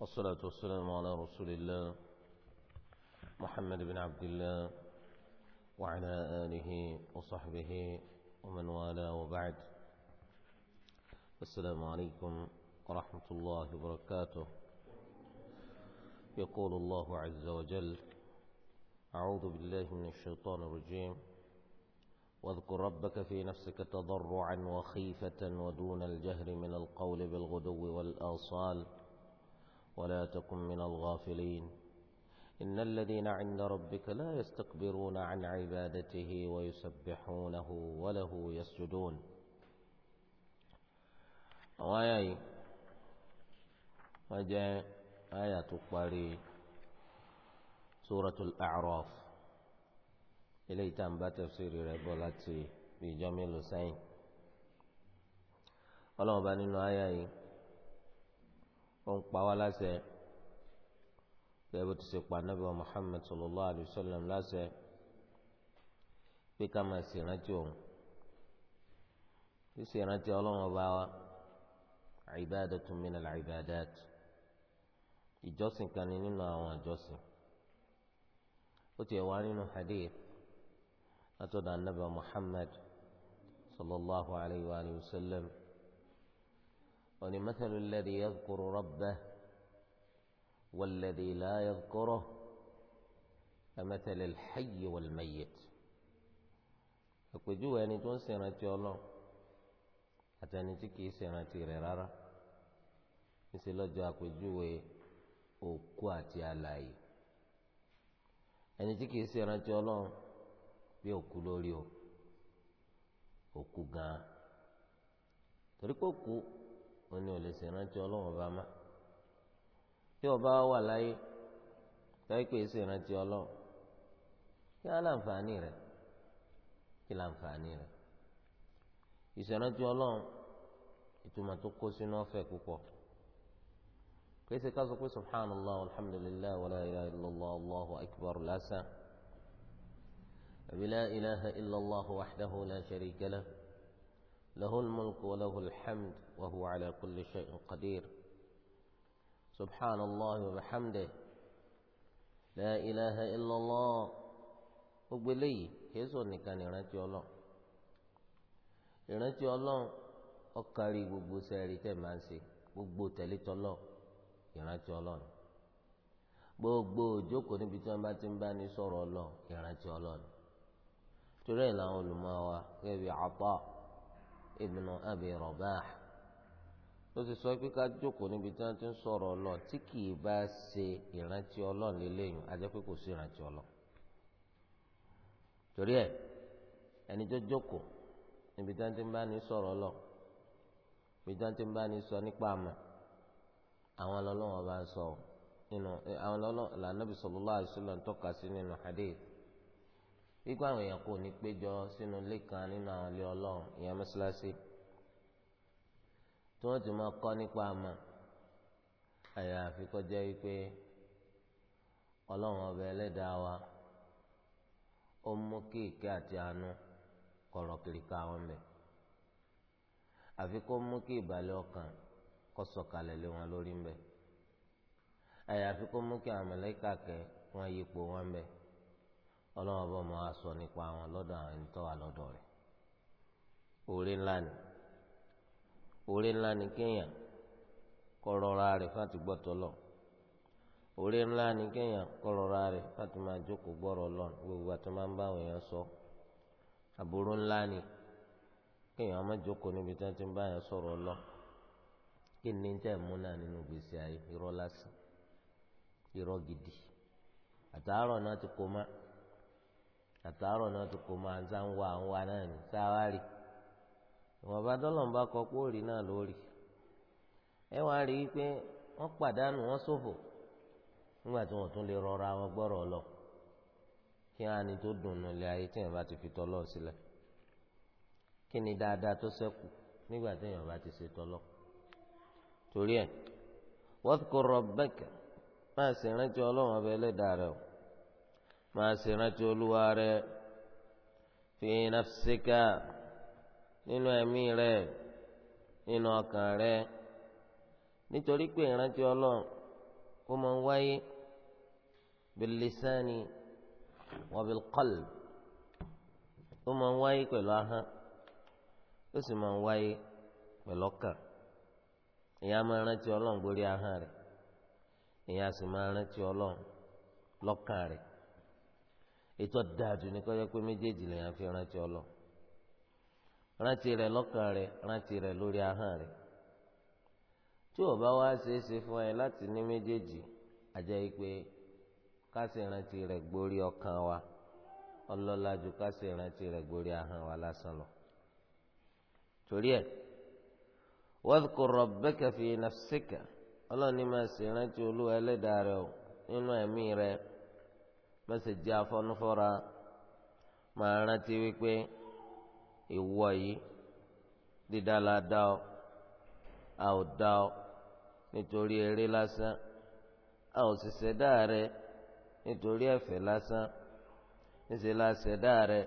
والصلاة والسلام على رسول الله محمد بن عبد الله وعلى آله وصحبه ومن والاه وبعد السلام عليكم ورحمة الله وبركاته يقول الله عز وجل أعوذ بالله من الشيطان الرجيم واذكر ربك في نفسك تضرعا وخيفة ودون الجهر من القول بالغدو والآصال ولا تكن من الغافلين إن الذين عند ربك لا يستكبرون عن عبادته ويسبحونه وله يسجدون وياي وجاء آية قبري سورة الأعراف إلي تنبى تفسير ربولاتي في جميل سين ولو بانين آية آية ó ń pa wá láṣẹ bẹ́ẹ̀ bó ti ṣe pa Ànábì wa Muhammad sallallahu alayhi wa sallam láṣẹ pé ká máa ṣèrántí òun ṣíṣèrántí ọlọ́run ọba wa ibadatun minal ibadat ìjọsìn kan ní nínú àwọn ìjọsìn ó ti wá nínú hadith látọ̀dọ̀ Ànábì wa Muhammad sallallahu alayhi wa sallam. وني مثل الذي يذكر ربه والذي لا يذكره كمثل الحي والميت àpèjúwe ẹni tó ń ṣèrántí Ọlọ́run àtẹni tí kìí ṣèrántí rẹ̀ rárá níṣẹ́ lọ́jọ́ àpèjúwe òkú àti alààyè ẹni tí kìí ṣèrántí Ọlọ́run bí òkú lórí o òkú gan-an torí pé òkú ó ní ò lè ṣèrántí ọlọ́run bá má tí ọba wà láyé táìpé ṣèrántí ọlọ́run kí á láǹfààní rẹ̀ kí láǹfààní rẹ̀ ìṣèrántí ọlọ́run ìtumọ̀ tó kó sínú ọ̀fẹ́ púpọ̀ kèsì ká sọ pé subhanallah alhamdulilayi wàlá ilaha illallah allahu akbar lásán àbí ilaha illallah wàhdahu la sharika lahu. له الملك وله الحمد وهو على كل شيء قدير سبحان الله وبحمده لا إله إلا الله وبلي eléyìí نكاني sọ الله ní ìrántí ọlọ́run ìrántí ọlọ́run ọkàrí gbogbo sẹ́ẹ̀rì tẹ̀ máa ń ṣe gbogbo tẹ̀lé tọ́lọ́ ìrántí ọlọ́run gbogbo òjókòó níbi tí wọ́n bá ti ń bá ní sọ̀rọ̀ ọlọ́run ìrántí ọlọ́run torí ẹ̀ làwọn olùmọ̀ wa gẹ́gẹ́ bí Ata ibn Abi Rabah ó ti sọ pé ká jókòó níbi tí wọ́n ti ń sọ̀rọ̀ Ọlọ́run tí kì í bá ṣe ìrántí Ọlọ́run lélẹ́yìn a jẹ́ pé kò sí ìrántí Ọlọ́run torí ẹ̀ ẹni tó jókòó níbi tí wọ́n ti ń bá ní sọ̀rọ̀ Ọlọ́run níbi tí wọ́n ti ń bá ní sọ nípa àmọ́ àwọn ọlọ́wọ́n bá ń sọ nínú àwọn ọlọ́wọ́n làǹdàbí sallallahu alaihi ń tọ́ka sí nínú hadith. wípé àwọn èèyàn kò ní péjọ sínú ilé kan nínú àwọn ilé ọlọ́run ìyẹn mọ́ṣáláṣí tí wọ́n ti máa kọ́ nípa àmọ́ àyàfi kọjá wípé ọlọ́run ọba ẹlẹ́dàá wa ó mú kí ìkẹ́ àti àánú kọ̀rọ̀ kìrìkà wọn bẹ̀ àfi kó mú kí ìbàlẹ̀ ọkàn kó sọ̀kalẹ̀ lé wọn lórí ń bẹ̀ àyàfi kó mú kí àmọ̀lẹ́kà kẹ́ wọn yípo wọn bẹ̀ ọlọ́run ọmọ máa sọ nípa àwọn lọ́dọ̀ àwọn ẹni tó wà lọ́dọ̀ rẹ̀ oore ńlá ni oore ńlá ni kéèyàn kó rẹ̀ fáti gbọ́ tọ́lọ̀ oore ńlá ni kéèyàn kó rẹ̀ fáti máa jókòó gbọ́rọ̀ gbogbo sọ àbúrò ńlá ni kéèyàn jókòó níbi tí wọ́n ti ń lọ kí ni nínú gbèsè ayé irọ́ irọ́ gidi àtàárọ̀ àtàárọ̀ náà tó kó máa ń sá ń wá ń wá náà ní ìwọ̀n bá bá kọ póòrì náà lórí ẹ wá rí i pé wọ́n pàdánù wọ́n tún lè rọra wọn gbọ́rọ̀ lọ kí wọ́n á ní tó dùn nílé ayé tí èèyàn fi sílẹ̀ kí ni dáadáa tó nígbà tí èèyàn bá ti ṣe torí ẹ̀ máa ma ṣe rántí olúwa rẹ fi nafsika nínú ẹ̀mí rẹ nínú ọkàn rẹ nítorí pé ìrántí ọlọ́run ó máa ń wáyé bilisani wabilqalb ma máa ń wáyé pẹ̀lú si ó sì máa ń wáyé pẹ̀lú ọkàn èèyàn máa rántí ọlọ́run gbórí si ma èèyàn sì máa rántí ọlọ́run ètò dáadu ní kọjá pé méjèèjì lèèyàn fi rántí ọlọ rántí rẹ lọ́kàn rẹ rántí rẹ lórí ahọ́n rẹ tí ò bá wá ṣeé ṣe fún ẹ láti ní méjèèjì àjẹ́ pé kásì rántí rẹ gbórí ọkàn wa ọlọ́lá kásì rántí rẹ wa lásán lọ torí ẹ wadhkur rabbaka fi nafsika ọlọ́ọ̀ni máa ṣèrántí olú ẹlẹ́dàá rẹ o nínú ẹ̀mí rẹ. bẹ́sẹ̀ jẹ́ afọ́nufọ́ra máa rántí wípé ìwọ yìí dídá la dá ọ a ò dá ọ nítorí eré lásán a ò sì ṣẹ̀dá rẹ nítorí ẹ̀fẹ̀ lásán níṣẹ́ la ṣẹ̀dá rẹ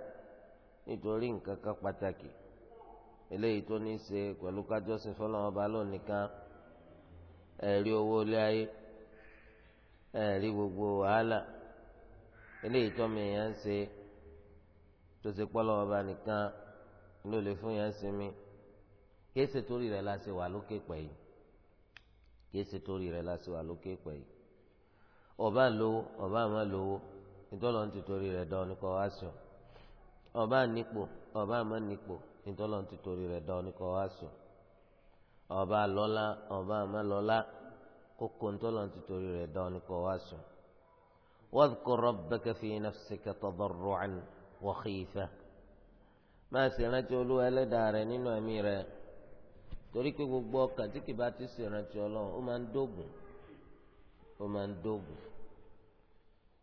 nítorí nǹkan kan pàtàkì eléyìí tó ní í ṣe pẹ̀lú kájọ́sìn fọlọ́wọn ba lónìí kan ẹ̀rí owó ilé ayé ẹ̀rí gbogbo wàhálà eléyìí tó mi yẹn ń ṣe tó ṣe pọ́ lọ́wọ́ bá nìkan ló lè fún yẹn sinmi kìí ṣe torí rẹ̀ la ṣe wà lókè pẹ̀ yìí kìí ṣe torí rẹ̀ la ṣe wà lókè pẹ̀ yìí ọba lówó ọba àmọ́ lówó ìtọ́lọ́ ti torí rẹ̀ dán ní kọ́ wá sùn ọba nípò ọba àmọ́ nípò ìtọ́lọ́ ti torí rẹ̀ dán ní kọ́ wá sùn ọba lọ́lá ọba àmọ́ lọ́lá kókó ìtọ́lọ́ ti torí rẹ̀ dán ní kọ́ wá sùn. واذكر ربك في نفسك تضرعا وخيفة máa sì rántí olúwa ẹlẹ́dàá rẹ nínú ẹ̀mí rẹ torí pé gbogbo ọkàn tí kìí bá ti sì rántí ọlọ́run ó máa ń dógùn ó máa ń dógùn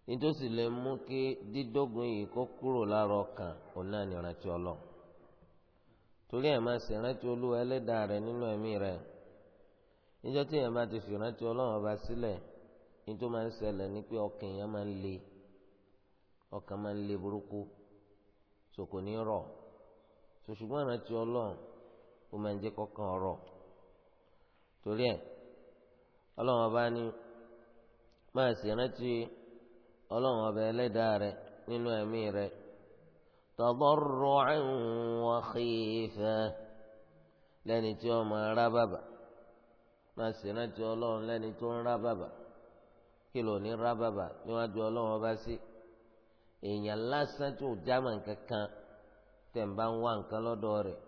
nítòsí lè mú kí dídógùn yìí kó kúrò lára ọkàn òun náà ní rántí ọlọ́run torí ẹ̀ máa sì rántí olúwa ẹlẹ́dàá rẹ nínú ẹ̀mí rẹ níjọ́ tí ẹ̀ máa ti sì rántí ọlọ́run ọba sílẹ̀ nítorí máa ń ṣẹlẹ̀ ni pé ọkàn yẹn máa ń le ọkàn máa ń le burúkú so ko ní ro so ṣùgbọ́n ọlọ́run ó máa ń jẹ́ kọ́kàn ọ̀rọ̀ torí ẹ̀ ọlọ́run ọba ní máa sì rántí ọlọ́run ọba ẹlẹ́dàá rẹ nínú ẹ̀mí rẹ tadarru'an wa khifah lẹ́ni tí ó máa rá bàbà máa sì rántí ọlọ́run lẹ́ni tó ń rá bàbà. kìlọ̀ ní rábàbà níwájú ọlọ́run ọba sí èèyàn lásán tó jámà kankan tẹ̀ ń bá ń wá nǹkan lọ́dọ̀ rẹ̀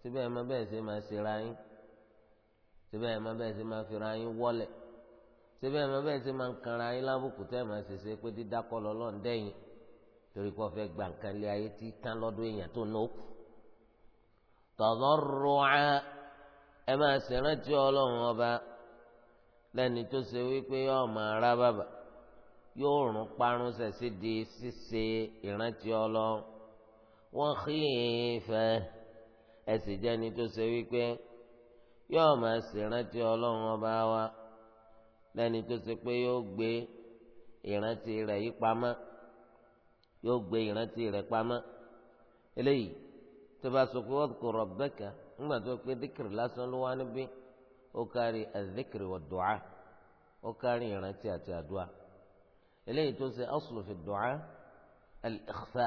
síbẹ̀ ẹ̀ má bẹ́ẹ̀ ṣe máa ṣe ra yín síbẹ̀ ẹ̀ má bẹ́ẹ̀ ṣe máa fi ra yín wọ́lẹ̀ síbẹ̀ ẹ̀ má bẹ́ẹ̀ ṣe máa ń kanra yín lábùkù tẹ́ ẹ̀ máa ṣe ṣe pé dídákọ́ lọ́lọ́run dẹ́yìn torí kó fẹ́ gba nǹkan lé ayé tí tán lọ́dọ̀ èèyàn tó ná òkú tọ̀dọ̀ rọ̀ ẹ máa ṣèrántí ọlọ́run ọba. lẹni tó ṣe wípé yóò máa rá bàbà yóò rún parun di ṣíṣe ìrántí ọlọ́run wọ́n kí ìfẹ́ ẹ̀sìn jẹ́ni tó ṣe wípé yóò máa ṣèrántí ọba tó ṣe pé yóò gbé ìrántí rẹ̀ yí pamọ́ yóò gbé ìrántí rẹ̀ pamọ́ eléyìí tó bá sọ pé wọ́n kò rọ̀ bẹ́ẹ̀ kà ńgbà tó pé díkìrì lásán ló wá ó kárí adh-dhikri wad-du'a ó kárí ìrántí àti àdúrà eléyìí tó ṣe aslu fi du'a al-ikhfa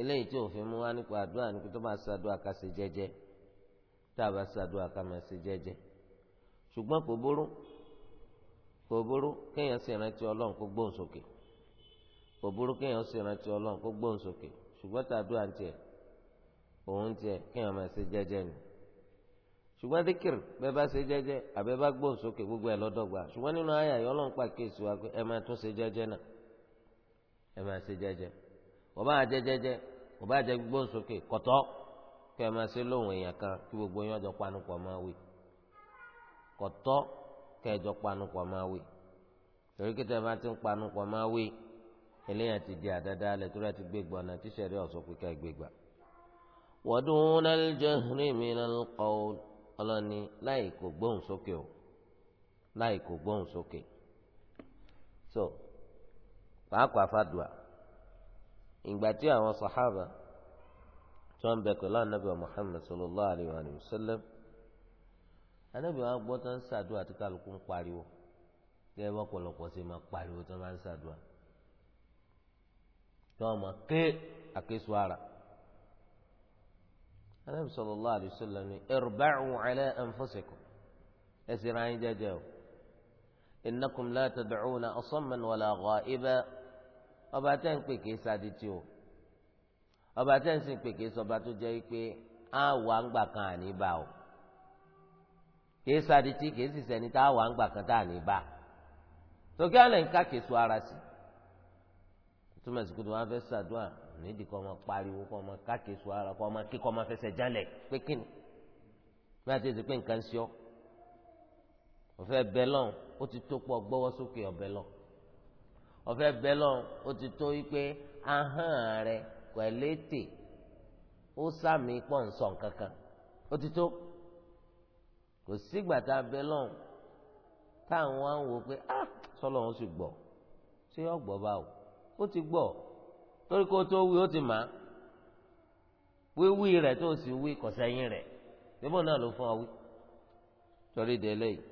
eléyìí tí òfin mú wá nípa àdúrà nípa tó máa ṣàdúrà ká ṣe jẹ́jẹ́ tá a bá ṣàdúrà ká máa ṣe jẹ́jẹ́ ṣùgbọ́n kò burú kò burú kéèyàn sì rántí ọlọ́run kó gbóhùn sókè kò burú kéèyàn sì rántí ọlọ́run kó gbóhùn sókè ṣùgbọ́n tàdúrà ń tiẹ̀ òun ń tiẹ̀ kéèyàn máa ṣe jẹ́jẹ́ ni ṣùgbọ́n díkìrì bẹ́ẹ̀ bá ṣe jẹ́jẹ́ àbẹ́ bá gbóhùn sókè gbogbo ẹ̀ lọ́dọ̀gba ṣùgbọ́n nínú àyà yọ lọ́n pa kéésì wa pé ẹ máa tún ṣe jẹ́jẹ́ náà ẹ máa ṣe jẹ́jẹ́ wọ́n bá jẹ́ jẹ́jẹ́ wọ́n bá jẹ́ gbóhùn sókè kọ́tọ́ kẹ́ ẹ máa ṣe lóhùn èèyàn kan kí gbogbo yín ọjọ́ panupọ̀ máa wí kọ́tọ́ kẹ́ ẹ jọ panupọ̀ máa wí torí kí tẹ́ ti ń panupọ̀ máa wí eléyàn ti di àdáda alẹ́ tó láti gbégbá ọ̀nà tíṣẹ̀rí ọ̀sọ́ pé ká gbégbá. wọ́dún náà jẹ́ rìnrìn náà kọ́ ọ́ ọlọ́ni láì kò gbóhùn sókè o láì kò gbóhùn sókè so pàápàá fàdùà ìgbà tí àwọn sàhábà tí wọ́n bẹ pẹ̀lú anabi muhammed sallallahu alayhi wa sallam anabi wa gbọ́ tó ń sàdùà tí kálukú ń pariwo tẹ́ ẹ bá pọ̀lọpọ̀ sí máa pariwo tó ń bá ń sàdùà tí wọ́n máa ké àkésù ara anabi sallallahu alayhi wa sallam ni irba'u ala anfusikum ẹsẹ̀ ra yín jẹ́jẹ́ o innakum la tad'una asamman wala ghaiba ọba tẹ́ ń pè kìí sadìtì o ọba tẹ́ ń sìn pè kìí sọba tó jẹ́ pé á wà ń gbà kan àní kan tá àní bá tòkí àlẹ́ ń ká kìí so ara sí túmọ̀ nídìí kọ́ ọmọ pariwo kọ́ ọmọ káàkiri sọ ara kọ́ ọmọ kíkọ́ ọmọ fẹsẹ̀ jálẹ̀ pé kíni bí a ti sè pé nǹkan ń ṣe ọ́ ọ̀fẹ́ bẹ́lọ̀n ó ti tó pọ̀ gbọ́wọ́ sókè ọ̀bẹ́lọ̀n ọ̀fẹ́ bẹ́lọ̀n ó ti tó wípé ahọ́n rẹ pẹ̀lú ètè ó sàmì pọ̀ ń sọ nǹkan kan ó ti tó kò sígbà tá a bẹ́lọ̀n táwọn á ń wò pé ah sọlọ́run sì gbọ́ ṣé ọ̀gbọ́ báwo ó ti gbọ́ ọ́ torí kó tó wí ó ti mà á wíwí rẹ̀ tó sì wí kò sẹ́yìn rẹ̀ níbo náà ló fún ọ wí torí délé yìí.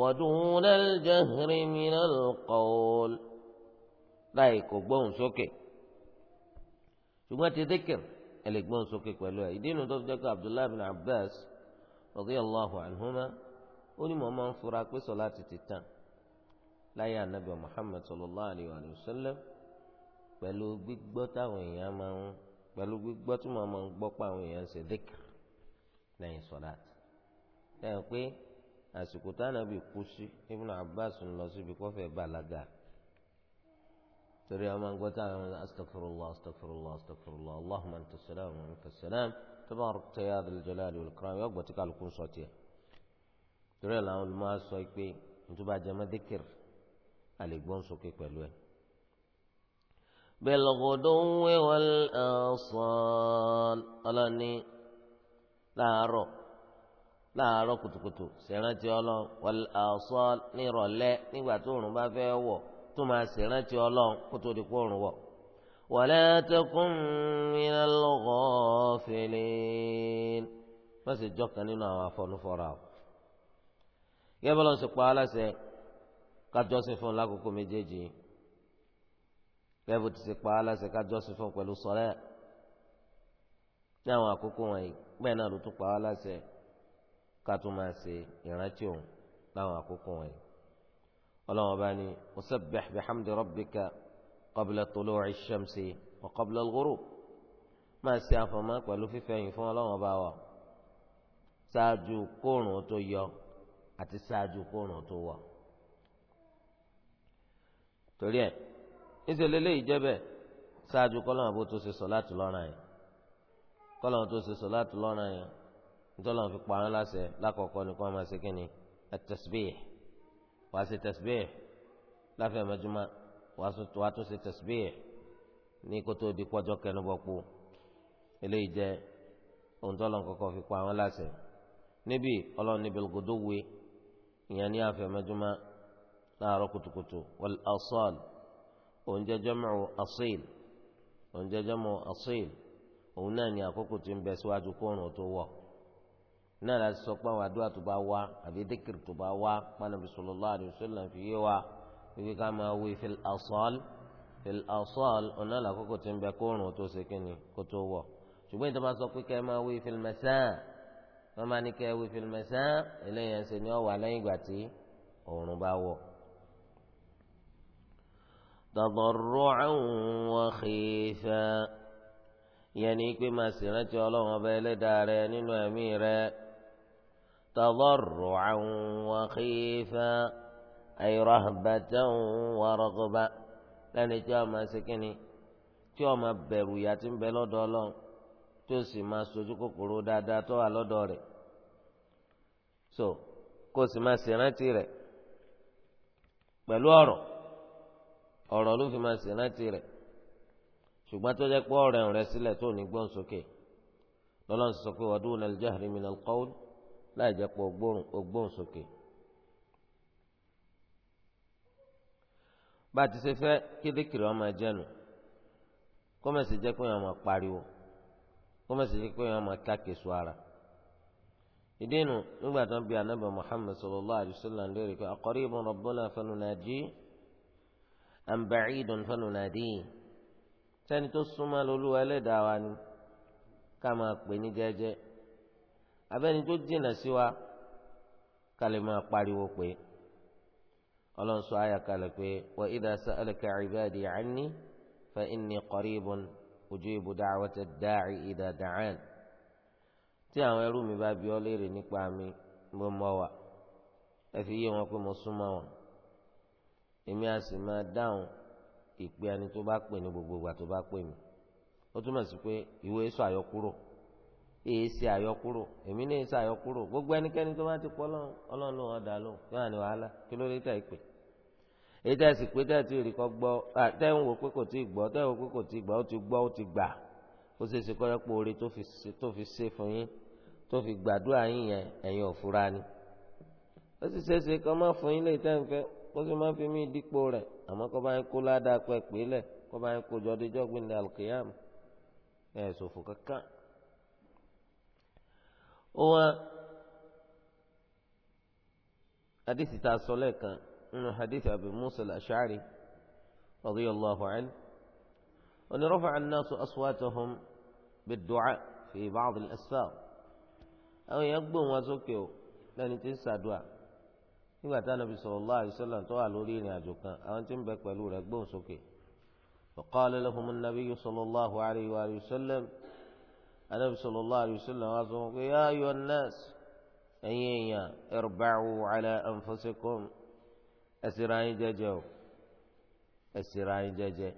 ودون الجهر من القول láì kò gbóhùn sókè ṣùgbọ́n ti dhikr ẹ lè gbóhùn sókè pẹ̀lú ẹ̀ ìdí inú tó fi abdullahi bin abbas radiyallahu anhuma ó ní mo máa ń fura pé sọ̀láàtì ti tán láyé anabi sallallahu alayhi wa sallam pẹ̀lú gbígbọ́ táwọn èèyàn máa ń pẹ̀lú gbígbọ́ tí wọ́n máa ń gbọ́ pa àwọn èèyàn ṣe lẹ́yìn lẹ́yìn pé àsìkò táwọn kú sí Abbas ń lọ síbi torí ń gbọ́ táwọn allahumma anta salam wa salam gbọ́ tí kálukú ń sọ tiẹ̀ torí olùmọ̀ àṣọ ìpè بالغدو والآصال ọlọ́ni láàárọ̀ láàárọ̀ kùtùkùtù ṣèrántí ọlọ́run والآصال nírọ̀lẹ́ nígbà tó òrùn bá fẹ́ wọ̀ tó máa ṣèrántí di ولا تكن من الغافلين wọ́n sì jọ́kan nínú àwọn afọnúfọ́ra o. gẹ́gẹ́ pa bẹ́ẹ̀ bó ti ṣe pa á láṣẹ ká jọ́sìn fún pẹ̀lú sọ́lẹ́ ní àwọn àkókò wọ̀nyí bẹ́ẹ̀ náà ló tún pa á láṣẹ ká tún máa ṣe ìrántí òun láwọn àkókò wọ̀nyí. ọlọ́wọ́n bá ní musabbih bihamdi rabbika qabla tulu'i shamsi wa qabla al máa ṣe àfọ̀mọ́ pẹ̀lú fífẹ̀yìn fún ọlọ́wọ́n bá wà ṣáájú kóòrùn tó yọ àti ṣáájú kóòrùn tó wọ̀ torí ẹ̀ níṣẹ́ lélẹ́yìí jẹ́ bẹ́ẹ̀ ṣáájú kọ́lọ́n àbó tó ṣe sọ láti lọ́ràn yẹn kọ́lọ́n tó ṣe sọ láti lọ́ràn yẹn nítorí fi pa án láṣẹ lákọ̀ọ́kọ́ ni kó máa ṣe kí ni at-tasbih wàá ṣe tasbih láfẹ̀ẹ́ mẹ́jọ́má wàá tún ṣe tasbih ní kótó di pọ́jọ́ kẹnubọ́pọ̀ eléyìí jẹ́ ohun tó lọ́n kọ́kọ́ fi pa án láṣẹ níbi ọlọ́run níbi olùkódó we ìyẹn ní àfẹ̀ẹ́ mẹ́jọ́má láàárọ̀ kùtùkùtù wal asal òun jẹ́ jọ́mọ̀ asil òun jẹ́ jọ́mọ̀ asil òun náà ni àkókò tí ń bẹ síwájú kóòrùn tó wọ̀ náà láti sọ pé àwọn àdúrà tó bá wá àbí díkìrì tó bá wá pànàbí sallallahu alaihi wasallam fi yé wa wípé ká máa wí fil asal fil asal òun náà làkókò tí ń bẹ kóòrùn tó ṣe kíni kó tó wọ̀ ṣùgbọ́n ìtọ́ sọ pé ká máa wí fil masa wọ́n máa ní ká wí fil masa eléyàn ṣe ni ọ wà lẹ́yìn ìgbà tí òòrùn bá wọ̀ tadarru'an wa khifa ìyẹn ni pé máa sì rántí ọlọ́run ọba ẹlẹ́dàá rẹ nínú ẹ̀mí rẹ tadarru'an wa khifa ay rahbatan wa raghba lẹ́ni tí wọ́n máa ṣe kínni tí wọ́n máa bẹ̀rù ìyà tí ń bẹ lọ́dọ̀ ọlọ́run tí ó sì máa sojú kòkòrò dáadáa tó wà lọ́dọ̀ rẹ̀ so kó o sì máa sì rántí rẹ̀ pẹ̀lú ọ̀rọ̀ ọ̀rọ̀ ló fi máa sì rántí rẹ̀ ṣùgbọ́n tó jẹ́ pé ọ̀rẹ́ rẹ̀ sílẹ̀ tó ní gbọ́n sókè lọ́lọ́run sọ pé wàdúù náà jahri min alqawl láì jẹ́ pé ògbọ́n sókè. bá a ti ṣe fẹ́ kíndìkìrì ọmọ ẹjẹ́nu kọ́mẹ̀sì jẹ́ pé wọ́n máa pariwo kọ́mẹ̀sì jẹ́ pé wọ́n máa káàkiri sọ ara ìdínú nígbà tó ń bi anabi muhammed sallallahu alayhi wa sallam léèrè pé aqaribun rabbuna fanunajih am ba'idun fanunadihi sẹ́ni tó súnmọ́ lóluwa ẹlẹ́dàá wa ni ká máa pè ní jẹ́jẹ́ abẹ́ni tó jìnnà sí wa ká lè máa pariwo pé ọlọ́run sọ ayà kalẹ̀ pé wa idha sa'alaka ibadi anni fa inni qaribun ujibu da'wata da'i idha da'an tí àwọn ẹrú mi bá bi ọ́ léèrè nípa mi bó mọ́ wa ẹ fi yé wọn pé mo súnmọ́ wọn èmi a sì máa dáhùn ìpè ẹni tó bá pè ní gbogbo ìgbà tó bá pè mí ó túmọ̀ sí pé ìwé sọ àyọkúrò èyí ṣe àyọkúrò èmi náà ṣe àyọkúrò gbogbo ẹnikẹ́ni tó bá ti pọ̀ ọlọ́run ọlọ́run ló wọ́n dà lóhùn yóò hàn ní wàhálà kí ló dé tẹ̀ ìpè èyí tẹ̀ sì pé tẹ̀ tí ò rí kọ́ gbọ́ tẹ̀ ń wò pé kò tí ì gbọ́ tẹ̀ ń wò pé kò tí ì gbọ́ ó ti gbọ́ ó ti gbà ó ṣe é ṣe kọ́rẹ́ pé oore tó fi ṣe fún yín tó fi gbàdúrà yín yẹn ẹ̀yin òfurani ó sì ṣe é ṣe kọ́ mọ́ fún yín lè tẹ́ ń fẹ́ kó sì má fi mí dípò rẹ àmọ́ kó bá yẹn kó ládàá pẹ́ pé kó bá kó jọ díjọ́ gbẹ̀ndẹ̀ alkiyam ẹ̀ ṣòfò kankan. ó wá hadith ta sọ lẹ́ẹ̀kan nínú hadith Abu Musa al-Ash'ari radiyallahu anhu أن رفع الناس أصواتهم بالدعاء في بعض الأسفار أو يقبل nígbà tá nàbì sallallahu alaihi wasallam tó wà lórí ìrìn àjò kan àwọn tí ń bẹ pẹ̀lú rẹ̀ gbóhùn sókè faqala lahumun nabiyyu sallallahu alaihi wa sallam anabi sallallahu alaihi wa sallam wá sọ wọn pé ya ayyuhan nas ẹ̀yin èèyàn irba'u ala anfusikum ẹsìrà yín jẹjẹ o ẹsìrà yín jẹjẹ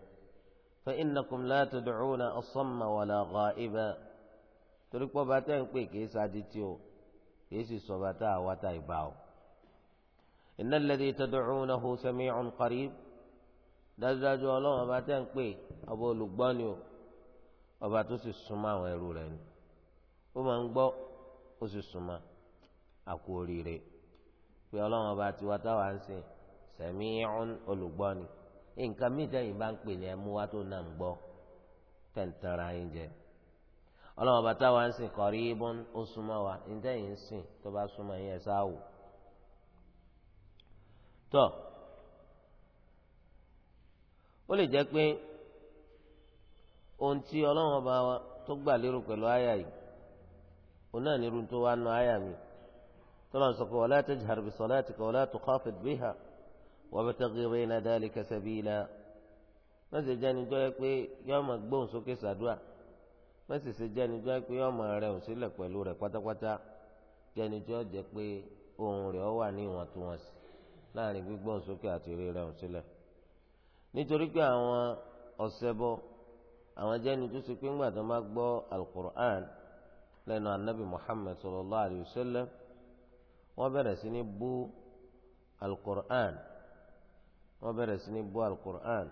iná lẹ́dí tẹ́dọ̀ọ́nàhù sẹ́mi ọ̀nkọ́rí dájúdájú ọlọ́run ọba tẹ́ ń pè ọba olùgbọ́ ni o ọba tó sì súnmọ́ àwọn ẹrú rẹ̀ ni ó máa ń gbọ́ ó sì súnmọ́ àkú oríire pé ọlọ́run ọba tiwa táwa ń sìn sẹ́mi ọ̀n olùgbọ́ ni nǹkan míì tẹ́yìn bá ń pè ní ẹmú wá tó náà ń gbọ́ tẹ̀ǹtẹ̀ra yín jẹ ọlọ́run ọba táwa ń sìn kọ̀rí ibùn ó súnmọ́ wa ní tẹ́yìn ń sìn tó bá súnmọ́ yín ẹ̀ sáà wò tọ́ ó lè jẹ́ pé ohun tí ọlọ́run ọba wa tó gbà lérò pẹ̀lú àyà yìí òun náà nírú tó wá nu àyà mi tọ́lá ń sọ pé wala tajhar bi salatika wala tukhafid biha wabtaghi bayna dhalika sabila mẹ́sẹ̀ jẹ́ni jọ́ pé yọ́ máa gbóhùn sókè sàdúà mẹ́sẹ̀ ṣe jẹ́ni jọ́ pé yọ́ máa rẹ̀ òsílẹ̀ pẹ̀lú rẹ̀ pátápátá jẹ́ni jọ́ jẹ́ pé ohun rẹ̀ ọ wà ní ìwọ̀ntúnwọ̀nsì láàrin gbígbọ́n sókè àti rírẹ̀ òun sílẹ̀ nítorí pé àwọn ọ̀sẹ̀bọ àwọn jẹ́ni tó ṣe pé ńgbà tó máa gbọ́ alukur'an lẹ́nu anabi muhammed sallallahu alayhi wa sallam wọ́n bẹ̀rẹ̀ sí ní bú alukur'an wọ́n bẹ̀rẹ̀ sí ní bú alukur'an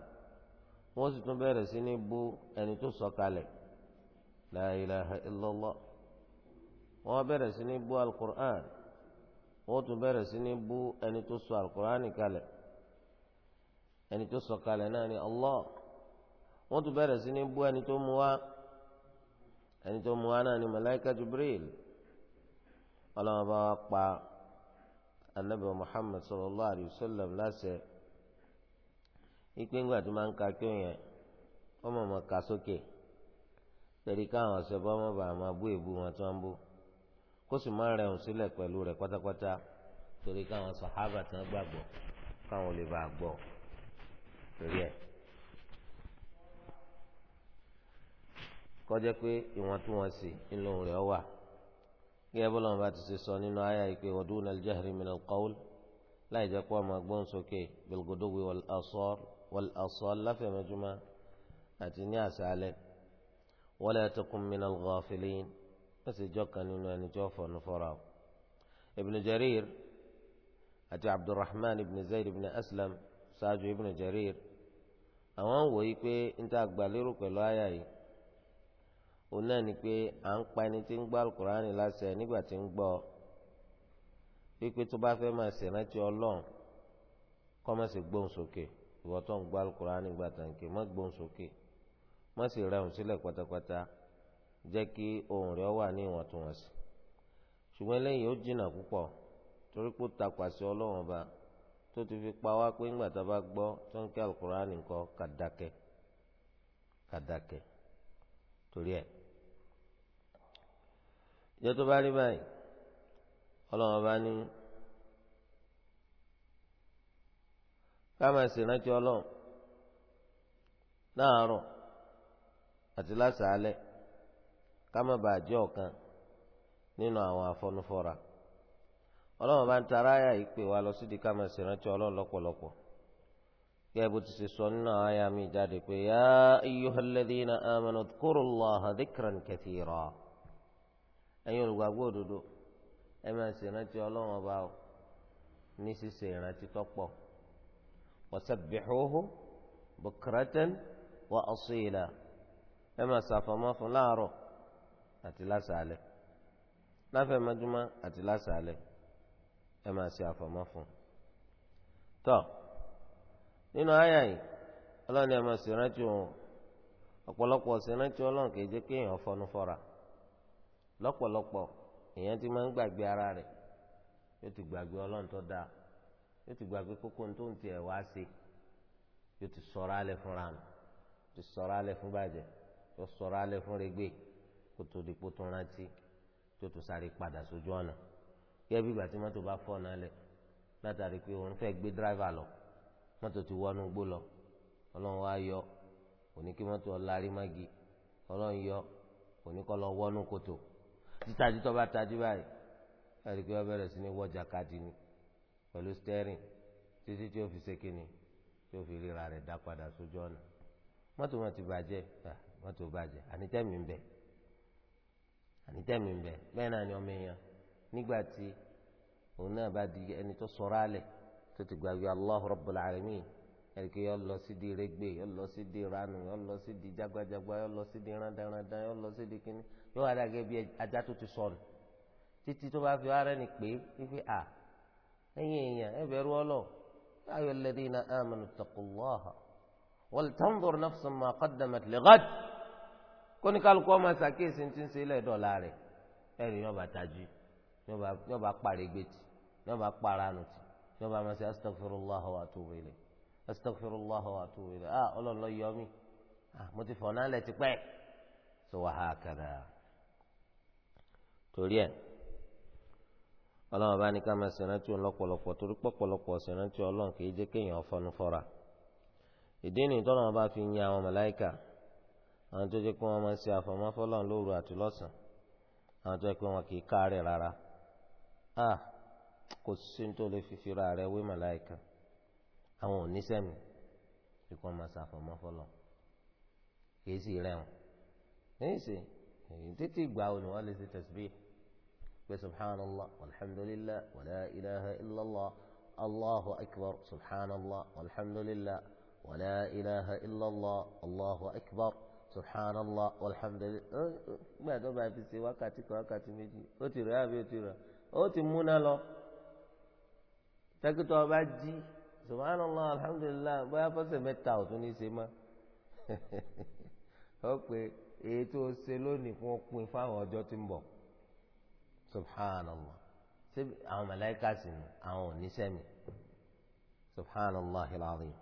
wọ́n sì tún bẹ̀rẹ̀ sí ní bú ẹni tó sọ kalẹ̀ la ilaha wọ́n bẹ̀rẹ̀ sí ní bú alukur'an. wotu tún bẹ̀rẹ̀ sí ní bú ẹni tó sọ alukur'ani kalẹ̀ ẹni tó sọ kalẹ̀ náà ni Allah wọ́n tún bẹ̀rẹ̀ sí ní bú ẹni tó eni wá ẹni tó wá náà ni malaika Jibril ọlọ́wọ́n bá wá pa anabi Muhammad sallallahu alayhi wa sallam láṣẹ ìpínlẹ̀ àti máa ń ka kí ma yẹn wọ́n mọ̀ sókè tẹ̀lé káwọn ọ̀sẹ̀ bọ́ bàá máa bú èbú kó sì má rẹ̀hùn sílẹ̀ pẹ̀lú rẹ̀ pátápátá torí káwọn sàhábà tán gbàgbọ́ káwọn lè bá a gbọ́ torí ẹ̀. kọjá pé ìwọ̀ntúnwọ̀nsì ńlọ rẹ̀ wà gẹ́gẹ́ bọ́lá wọn bá ti ṣe sọ nínú àyà ìpè waduna al-jahri min al-qawl láì jẹ́ pọ́ ọmọ gbọ́n sókè bil-ghuduwwi wal láfẹ̀mẹ́júmọ́ àti ní àṣálẹ́ wala takun min al-ghafilin kásìjọ́ kan nínú ẹni tí wọ́n fọnù fọ́ra o ibn jarir àti abdulrahman ibn zayd ibn aslam ṣáájú ibn jarir àwọn ń wòye pé n ta gbàlérò pẹ̀lú àyà yìí òun náà ni pé à ń pa ẹni tí ń gbọ́ alukur'ani láṣẹ nígbà tí ń gbọ́ wípé tó bá fẹ́ máa ṣèrántí ọlọ́run kọ́ má sì gbóhùn sókè ìwọ ń gbọ́ alukur'ani gbàtàǹkì má gbóhùn sókè má sì rẹ̀hùn sílẹ̀ pátápátá. jẹ́ kí ohùn rẹ̀ wà ní ìwọ̀ntúnwọ̀nsì ṣùgbọ́n eléyìí ó jìnnà púpọ̀ torí pé ó takpa sí ọlọ́run ọba tó ti fi pa wá pé ńgbà tá a bá gbọ́ tó ń kí alukur'ani nǹkan kàdákẹ́ kàdákẹ́ torí ẹ̀ ìjọ tó bá rí báyìí ọlọ́run ọba ní ká máa ṣèrántí ọlọ́run láàárọ̀ àti lásàálẹ̀. ká má bàa jẹ́ ọ̀kan nínú àwọn afọnufọ́ra ọlọ́run bá ń tara àyà yìí pè wá lọ sídi ká máa ṣèrántí ọlọ́run lọ́pọ̀lọpọ̀ gẹ́gẹ́ bó ti ṣe sọ nínú àwọn àyà mi jáde pé yá ayyuhal ladhina amanu dhkurullaha dhikran kathira ẹ̀yin olùgbàgbọ́ òdodo ẹ máa ṣèrántí ọlọ́run ọba o ní ṣíṣe ìrántí tọ́pọ̀ wasabbihuhu bukratan wa asila ẹ máa ṣàfọ̀mọ́ fún láàárọ̀ àti lásàálẹ̀ láfẹ̀mọ́júmọ́ àti lásàálẹ̀ ẹ máa ṣe àfọ̀mọ́ fún un. tọ́ nínú àyà yìí ọlọ́ni ẹ máa ṣe rántí òun ọ̀pọ̀lọpọ̀ ṣe rántí ọlọ́run kì í jẹ́ kí èèyàn fọnú fọ́ra lọ́pọ̀lọpọ̀ èèyàn ti máa ń gbàgbé ara rẹ̀ yóò ti gbàgbé ọlọ́run tó dáa yóò ti gbàgbé kókó tó ń tiẹ̀ wá sí yóò ti sọ̀rọ̀ alẹ́ fúnra nù yóò ti sọ̀rọ̀ alẹ́ fún bàjẹ́ kó tó di kó tó rántí tó tó sáré padà sójú ọ̀nà gẹ́gẹ́ bí ìgbà tí mọ́tò bá fọ́ náà lẹ̀ látàrí pé òun fẹ́ gbé dráìvà lọ mọ́tò ti wọnú gbó lọ ọlọ́run wá yọ òní kí mọ́tò ọ̀larí mági ọlọ́run yọ òní kọ́ lọ wọnú kòtò títajú tó bá tajú báyìí láti pé wọ́n bẹ̀rẹ̀ sí ní wọ́jà káàdì ni pẹ̀lú stẹ́rìn títí tí ó fi ṣe kíni tí ó fi ríra rẹ̀ dá padà sójú ọ̀nà mọ́tò wọn bàjẹ́ mọ́tò bàjẹ́ ànítẹ́mi ń bẹ̀ẹ́ ànítẹ̀mí bẹ̀ bẹ́ẹ̀ náà ni ọmọ èèyàn nígbà tí òun náà bá di ẹni tó sọ̀rọ̀ alẹ̀ tó ti gbàgbé Allahu Rabbul Alamin ẹ̀ríkẹ́ yọ lọ sí di rẹ́gbẹ́ yọ lọ sí di ranu yọ lọ sí di jagbajagba yọ lọ sí di randanrandan yọ lọ sí di kínní yọ wà dàgẹ́ bí ajá tó ti sọnù títí tó bá fi ara ẹni pé wípé à ẹ̀yin èèyàn ẹ bẹ̀rù ọlọ́ ayọ̀ alladhina amanu taqullaha wal tanzur nafsun ma qaddamat lighad. kóníkàlùkù ọmọ ṣàkíyèsí ti ń ṣe lẹ́dọ̀ọ́lá rẹ̀ ẹ̀rì yóò bá tají yóò bá parigbètì yóò bá paranuti yóò bá máa ṣe astaghfirullah wa atubu ilayh ah ọlọ́run lọ ah mo ti fọ̀nà lẹ̀ ti pẹ́ so wà á kàdà torí ẹ̀ ọlọ́run bá ní ká máa ṣèrántí òun lọ́pọ̀lọpọ̀ torí pọ̀pọ̀lọpọ̀ ṣèrántí ọlọ́run kì í jẹ́ kéèyàn fọnú fọ́ra ìdí bá fi àwọn àwọn tó jẹ́ pé wọ́n máa ń ṣe àfọ̀mọ́fọ́lọ́n lóru àti lọ́sàn àwọn tó jẹ́ pé wọn kì í káàárẹ̀ rárá a kò sí tó lè fi fira rẹ̀ wé màláìka àwọn oníṣẹ́mi bí wọ́n máa ṣàfọ̀mọ́fọ́lọ́n kì í sì rẹ̀ wọn. níṣẹ́ títí ìgbà wo ni wọ́n lè ṣe tasbih pé subhanallah walhamdulillah wala ilaha illallah allahu akbar subhanallah walhamdulillah wala ilaha illallah allahu akbar subhanallah walhamdulillah gbà tó bá fi ṣe wákàtí kan wákàtí méjì ó ti rẹ̀ àbí ó ti rẹ̀ ó ti múná lọ tẹ́kítọ́ ọba jí subhanallah alhamdulillah bóyá fọ́sẹ̀ mẹ́ta ò tún ní í ṣe mọ́ ó pé èyí tó ṣe lónìí fún òpin fáwọn ọjọ́ tí ń bọ̀ subhanallah ṣé àwọn màláíkà sì ni àwọn ò ní subhanallah alazim.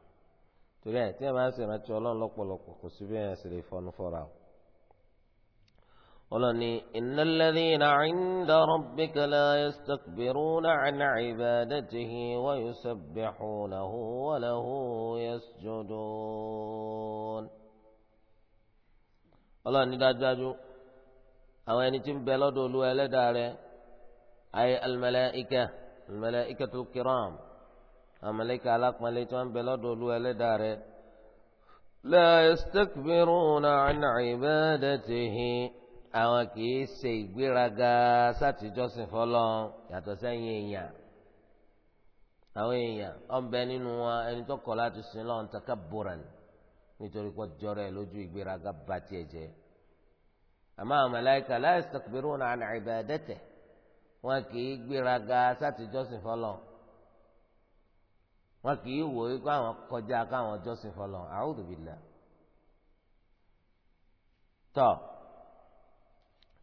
torí ẹ tí ẹ máa ń sèrántí tí ọlọ́run lọ́pọ̀lọpọ̀ kò sí bí ẹ sì lè fọnú fọ́ra o. ọlọ́ni innal ladhina 'inda rabbika la yastakbiruna 'an 'ibadatihi wa yusabbihunahu wa lahu yasjudun. ọlọ́ni dájúdájú àwọn ẹni tí ń bẹ lọ́dọ̀ olú ẹlẹ́dàá rẹ̀ ayé al-malaa'ika to kiram. àmàlẹ́kà alápọ̀nlé tí wọ́n ń bẹ lọ́dọ̀ olú ẹlẹ́dàá rẹ̀. la yastakbiruna an ibadatihi àwọn kì í ṣe ìgbéraga sátìjọ́sìn fọlọ́ yàtọ̀ sẹ́yìn èèyàn àwọn èèyàn ọ̀nbẹ nínú wọn ẹni tó kọ̀ láti sin lọ́n takabburan nítorí pé jọrọ ẹ lójú ìgbéraga bá tiẹ̀ jẹ́ àmọ́ àwọn màláíkà la yastakbiruna an ibadatihi wọn kì í gbéraga fọlọ́ wọn kì í wò wípé àwọn kọjá káwọn jọ́sìn fọlọ́ a'udhu billah tọ́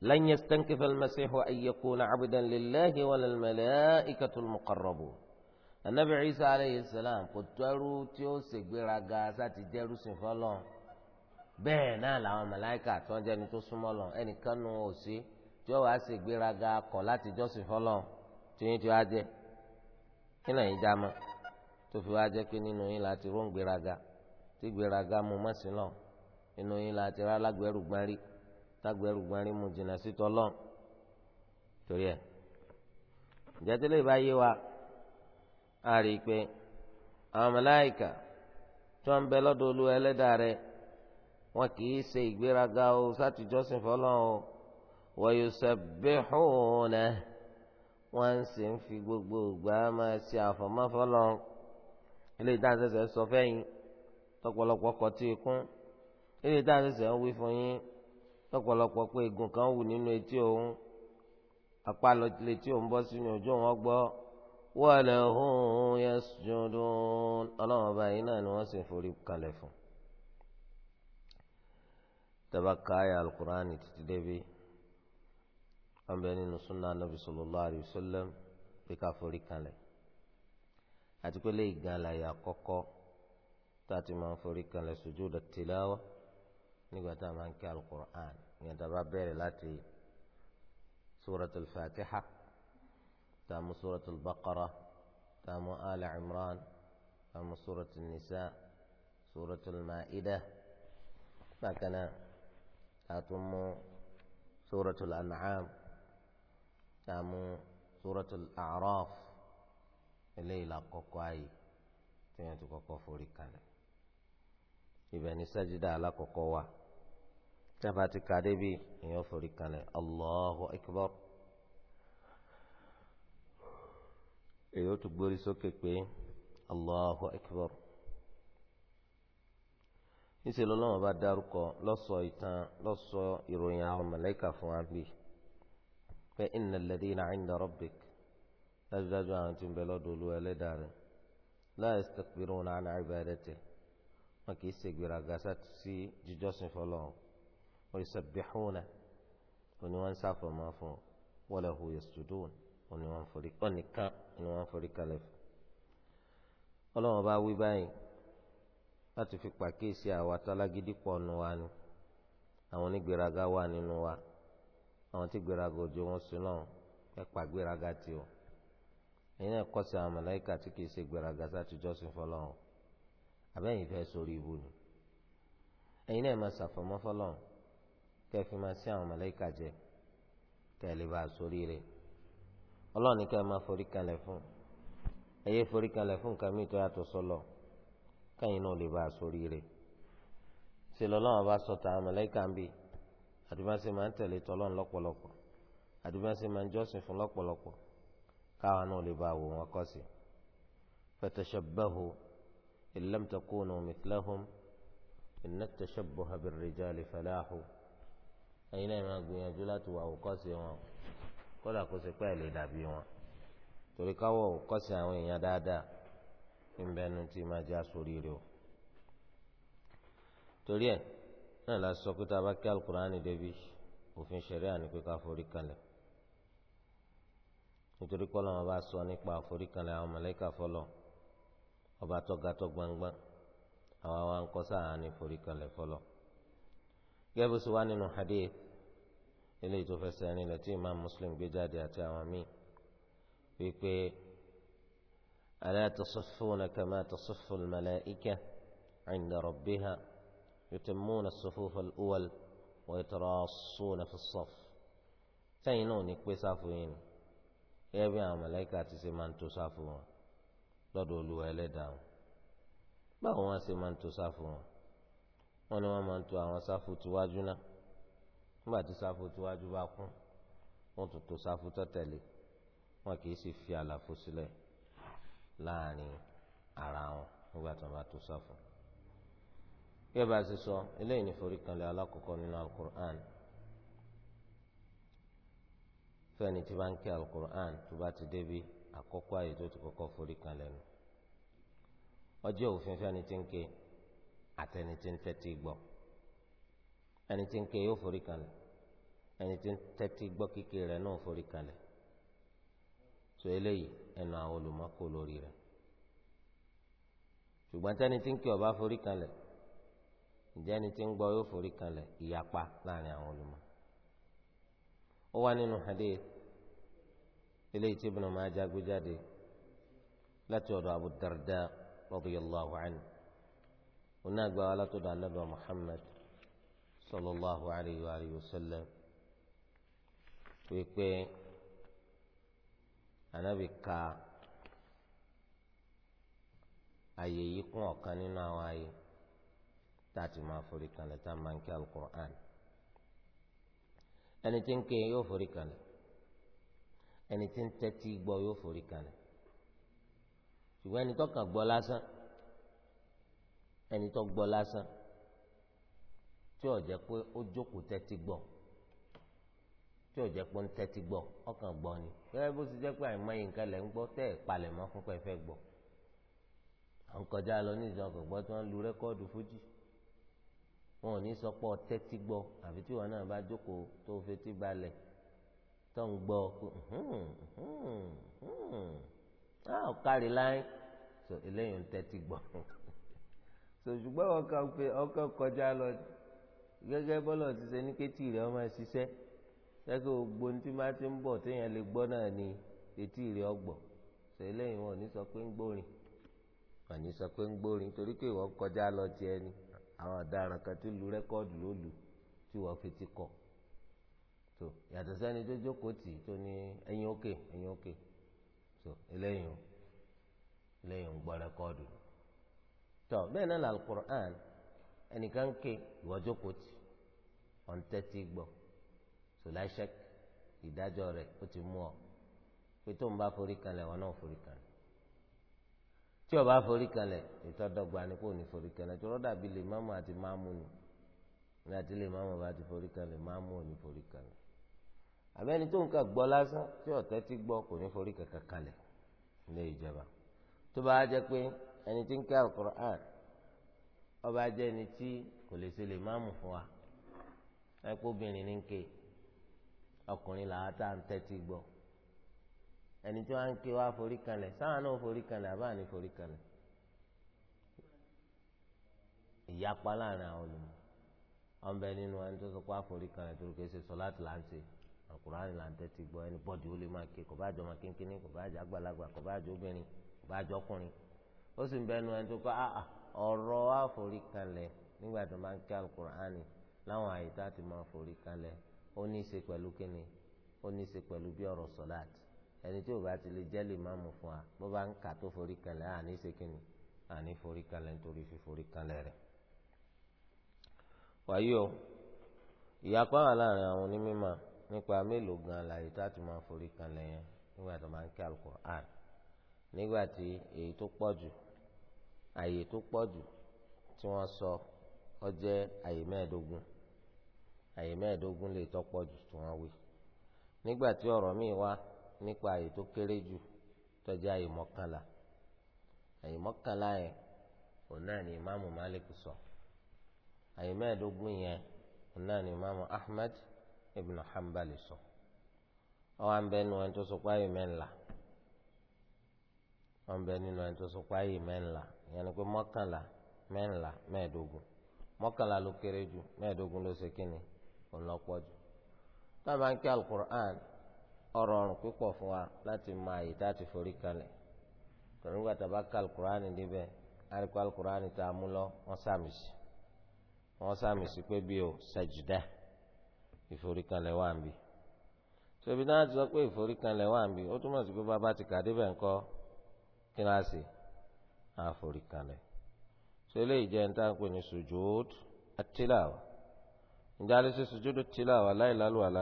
lan yastankifa al-masihu an yakuna 'abdan lillahi wala al-mala'ikatu al-muqarrabun anabi isa aleyhi salam kò tẹ́rù tí ó ṣègbéraga sáti dẹ́rù sìn fọlọ́ bẹ́ẹ̀ náà làwọn màláíkà tó ń jẹ́ni tó súnmọ́ lọ ẹnìkan nu òsì tí ó wàá ṣègbéraga kọ̀ láti jọ́sìn fọlọ́ tí yín ti wá jẹ́ kí lẹ́yìn já mọ́. tó fi wá jẹ́ pé nínú yín láti rún gbéraga tí gbéraga mú mọ́sí lọ nínú yín láti rá lágbẹ́rù gbárí gbárí mu jìnnà sí torí ẹ̀ bá a rí i pé àwọn bẹ olú wọn kì í ṣe ìgbéraga o gbogbo máa ṣe ilé ìdánsẹsẹ sọ fẹyìn tọpọlọpọ kọ tí ikún ilé ìdánsẹsẹ wí fún yín tọpọlọpọ pé egun kan wù nínú etí òun apá létí òun bọ́ sínú ojú wọn gbọ́ wọlé hóun yasjudun ọlọ́run ọba yìí náà ni wọ́n sì forí kalẹ̀ fún. tabakaya alukur'an títí débi wọn bẹ anabi sallallahu alayhi wa sallam ká forí kalẹ̀. àti pé lè gan àlàyé àkọ́kọ́ tá a ti máa ń forí kanlẹ̀ sùjúdù tìláwà nígbà tá a máa ń kí alukur'an ìyẹn tá a bá bẹ̀rẹ̀ láti suratul fatiha tá a mú suratul baqara tá a mú ala imran tá a mú suratul nisa suratul ma'ida bákan náà tá a tún mú suratul an'am tá a mú suratul a'raf. eléyìí la kọ́kọ́ ààyè tí wọ́n ti kọ́kọ́ forí kalẹ̀ ibẹ̀ ni sájídà alákọ̀ọ́kọ́ wà tí a bá ti ka débi èèyàn forí kalẹ̀ Allahu Akbar èyí ó tún gbórí sókè pé Allahu Akbar níṣẹ́ lọ́lọ́wọ́n bá dárúkọ lọ́sọ̀ ìtàn lọ́sọ̀ ìròyìn àwọn màláíkà fún wa bíi pé innal ladina 'inda rabbik dájúdájú àwọn tí ń bẹ lọ́dọ̀ olú ẹlẹ́dàá rẹ̀ la yastakbiruna an ibadatihi wọn kì í ṣe gbéraga sí jíjọ́sìn fọlọ́run wa yusabbihuna wọn ni wọ́n ń sáfọ̀mọ́ fún un wa lahu yasjudun wọn ni wọ́n ń forí kalẹ̀ fún un ọlọ́run bá wí báyìí láti fi pàkíyèsí àwa tálágídí pọ̀ nù wa ni àwọn onígbéraga wà nínú wa àwọn tí gbéraga òjò wọn sùn náà ẹ pàgbéraga tì ẹ̀yin náà kọ́ sí àwọn màláíkà tí kìí ṣe gbéraga sáti jọ́sìn fọlọ́run àbẹ́yìn fẹ́ sórí ibu ni ẹ̀yin náà máa ṣàfọ̀mọ́ fọlọ́run kẹ́ fi máa sí àwọn màláíkà jẹ kẹ́ ẹ lè bá a sórí rẹ̀ ọlọ́run ní kẹ́ ẹ máa forí kalẹ̀ fún ẹ yé forí kalẹ̀ fún nǹkan mìíràn tó yàtọ̀ sọlọ kẹ́yìn náà lè bá a sórí rẹ̀ ṣe lọ́lọ́run bá sọ tàwọn màláíkà ń bì àdúgbò máa ń tẹ̀lé tọ́lọ́run lọ́pọ̀lọpọ̀ àdúgbò máa ń jọ́sìn fún lọ́pọ̀lọpọ̀ káwọn náà lè bá wò wọn kọ́ sí. fatashabbahu in lam takunu mithlahum inna at-tashabbuha bir-rijali falahu ẹ̀yin náà máa gbìyànjú láti wà wò kọ́ sí wọn kódà kó ṣe pé ẹ̀ lè dàbí wọn torí káwọ́ wò kọ́ sí àwọn èèyàn dáadáa ìbẹnu tí máa já sórí rẹ o torí ẹ náà la sọ pé tá a bá kí alukur'ani débi òfin ṣẹlẹ àní ká forí kalẹ̀ nítorí kọ́ lọ́wọ́ bá sọ nípa àforíkanlẹ̀ àwọn mọ̀lẹ́kà fọlọ́ ọba tọ́gàtọ́ gbangba àwa wa ń kọ́ sáà ní àforíkanlẹ̀ fọlọ́. gẹ́gẹ́ bó ṣe wá nínú hadith eléyìí tó fẹsẹ̀ nílẹ̀ tí imam muslim gbé jáde àti àwọn míì wípé ala tasuffuna kama tasuffu al-mala'ika 'inda rabbiha yutimmuna as-sufuf al-awwal wa yatarassuna fi as-saff sẹ́yìn náà ní pé gẹ́gẹ́ bí àwọn mọ̀lẹ́kà ti ṣe máa ń tó sáfù wọn lọ́dọ̀ olúwa ẹlẹ́dàá wọn báwo wọn ṣe máa ń tó sáfù wọn wọn ni wọn máa ń tó àwọn sáfù tiwájú náà nígbà tí sáfù tiwájú bá kún wọn tún tó sáfù tó tẹ̀lé wọn kì í sì fi àlàfo sílẹ̀ láàrin ara wọn nígbà tí wọn bá tó sáfù. bí ẹ bá ṣe sọ eléyìí ní foríkanlẹ̀ alákọ̀ọ́kọ́ nínú alukur'an. fẹ́ni tí bá ń kí alukur'an ti débi àkọ́kọ́ ayé tó ti kọ́kọ́ forí kan lẹ́nu ọjọ́ òfin fẹ́ni tí ń ké àtẹni tí ń tẹ́tí gbọ́ ẹni tí ń ké yóò forí kan lẹ̀ ẹni tí ń tẹ́tí gbọ́ rẹ̀ náà forí kan lẹ̀ tó eléyìí ẹnu àwọn olùmọ́kò lórí rẹ̀ ṣùgbọ́n tẹ́ni tí ó wá nínú hadith eléyìí tí Ibn Majah gbé jáde láti ọ̀dọ̀ Abu Darda radiyallahu anhu oní àgbà wa látọ̀dọ̀ anabi Muhammad sallallahu alayhi wa alihi wa sallam wípé anabi ka àyè yìí kún ọ̀kan nínú àwọn àyè tá máa forí kan lẹ́tà máa ń kí alukur'an. ẹni tí ń ké yóò forí kalẹ̀ ẹni tí ń tẹ́tí gbọ́ yóò forí kalẹ̀ ṣùgbọ́n ẹni tó kàn gbọ́ lásán ẹni tó gbọ́ lásán tí ò jẹ́ pé ó jókòó tẹ́tí gbọ́ tí ò jẹ́ pé ń tẹ́tí gbọ́ ọkàn gbọ́ ni gẹ́gẹ́ bó ti jẹ́ pé àìmọye nǹkan lẹ̀ ń gbọ́ tẹ́ ẹ̀ palẹ̀ mọ́ fún fẹ́ gbọ́ à ń kọjá lọ ní ìjọba gbọ́ tí wọ́n lu rẹ́kọ́ọ̀dù fújì wọn ò ní sọ pé ọtẹ́tí àfi tí wọn náà bá jókòó tó fetí balẹ̀ tó ń gbọ́ pé hmm, ó hmm, hmm, kárí láyé so eléyìí ń tẹ́tí gbọ́ so ṣùgbọ́n ọkọ̀ pé ọkọ̀ kọjá lọ gẹ́gẹ́ bọ́lọ̀ ti ṣe ní kétì rẹ̀ ọmọ ẹ̀ ṣiṣẹ́ sẹ́kẹ̀ gbogbo tí máa ti ń bọ̀ téèyàn lè gbọ́ náà ni etí rẹ̀ ọgbọ̀ so eléyìí wọn ò ní sọ pé ń gbórin wọn ò ní sọ pé ń gbórin torí pé ìwọ kọjá lọ tiẹ̀ ni àwọn ọ̀daràn kan ti lu rẹ́kọ́ọ̀dù lólu tí wọ́n fi ti kọ̀ tó yàtọ̀ sẹ́ni tó jókòó tì tó ní ẹ̀yin òkè ẹ̀yin òkè tó eléyìn eléyìn ń gbọ́ rẹ́kọ́ọ̀dù tó bẹ́ẹ̀ náà làlùkùrán ẹnìkan ké ìwọ jókòó tì ọ̀n tẹ́tí gbọ́ tó láṣẹ ìdájọ́ rẹ̀ ó ti mú ọ pé tó ń bá forí kan lẹ̀ wọn náà forí kan tí ọba forí kalẹ̀ ìtọ́dọ̀gba ni kò ní forí kalẹ̀ tó rọ́dà bíi lè máàmù àti máàmù ni ní àti lè máàmù bá ti forí kalẹ̀ máàmù ò ní forí kalẹ̀ àbẹ́ni tó nǹkan gbọ́ lásán tí ọ̀tẹ́ ti gbọ́ kò ní forí kankan kalẹ̀ ilé ìjọba tó bá jẹ́ pé ẹni tí ń ká Al-Qur'an ọba jẹ́ ẹni tí kò lè ṣe lè máàmù fún wa ẹ̀kọ́ obìnrin ní ń ké ọkùnrin làwọn tá à ń tẹ́tí gbọ́ ẹni tí wọ́n á ń ké wá forí kanlẹ̀ sáwọn náà forí kanlẹ̀ àbá ní forí kanlẹ̀ ìyapa láàrin àwọn olùmọ̀ ọ̀nbẹ nínú ẹni tó sọ pé àforí kanlẹ̀ torí kìí ṣe sọ láti láǹtì àkùránì láǹtẹ̀ ti gbọ́ ẹni bọ́ọ̀dì ó lè máa ké kò bá jọ ọmọ kínkínní kò bá jọ àgbàlagbà kò bá jọ obìnrin kò bá jọ ọkùnrin ó sì ń bẹ nínú ẹni tó kọ́ ọ̀rọ̀ àforí kanlẹ̀ nígbà tó máa ń ké àkùránì láwọn àyè tá a ti máa forí kanlẹ̀ ó ní ẹni tí ò bá ti lè jẹ́ lè má mú fún wa bó bá ń kà tó forí kanlẹ̀ àní sekínì àní forí kanlẹ̀ nítorí fíforí kanlẹ̀ rẹ̀. wàyí o ìyapa wà láàrin àwọn onímọ̀ nípa mélòó gan láyé tá a ti máa forí kanlẹ̀ yẹn nígbà tó máa ń kí Al-Qur'an nígbà tí èyí tó pọ̀ jù àyè tó pọ̀ jù tí wọ́n sọ ọ jẹ́ àyè mẹ́ẹ̀ẹ́dógún àyè mẹ́ẹ̀ẹ́dógún lè tọ́pọ̀ jù tí wọ́n wí nígbà tí ọ̀rọ̀ míì wá nípa àyè tó kéré jù tó jẹ́ àyè mọ́kànlá àyè mọ́kànlá yẹn òun náà ni Malik sọ ayi mẹ́ẹ̀ẹ́dógún yẹn òun náà ni ìmáàmù Ahmed ibn Hanbal sọ ọwọ́ à ń bẹ nínú ẹni tó sọ pé mẹ́ńlá wọ́n bẹ nínú ẹni tó sọ pé mẹ́ńlá ìyẹn ni pé mọ́kànlá mẹ́ńlá mẹ́ẹ̀ẹ́dógún mọ́kànlá ló kéré jù mẹ́ẹ̀ẹ́dógún ló ṣe kíni òun jù táwọn bá ń kí alukur'an ọ̀rọ̀ ọ̀rùn púpọ̀ fún wa láti mọ àyè tá a ti forí kalẹ̀ torí nígbà tá a bá ka alukur'ani níbẹ̀ àríkọ́ alukur'ani tá a mú lọ wọ́n sàmì sí wọ́n sàmì sí pé bí o sàjùdá ìforíkalẹ̀ wà ń bì tóbi náà ti sọ pé ìforíkalẹ̀ wà ń bì ó túmọ̀ sí pé bàbá ti kà débẹ̀ ńkọ́ kíláàsì àforíkalẹ̀ tó lè jẹ́ ní táǹpẹ̀ ní sùjúd àtìláwà ìjà lè ṣe sùjúd àtìláwà láì lálùwàlá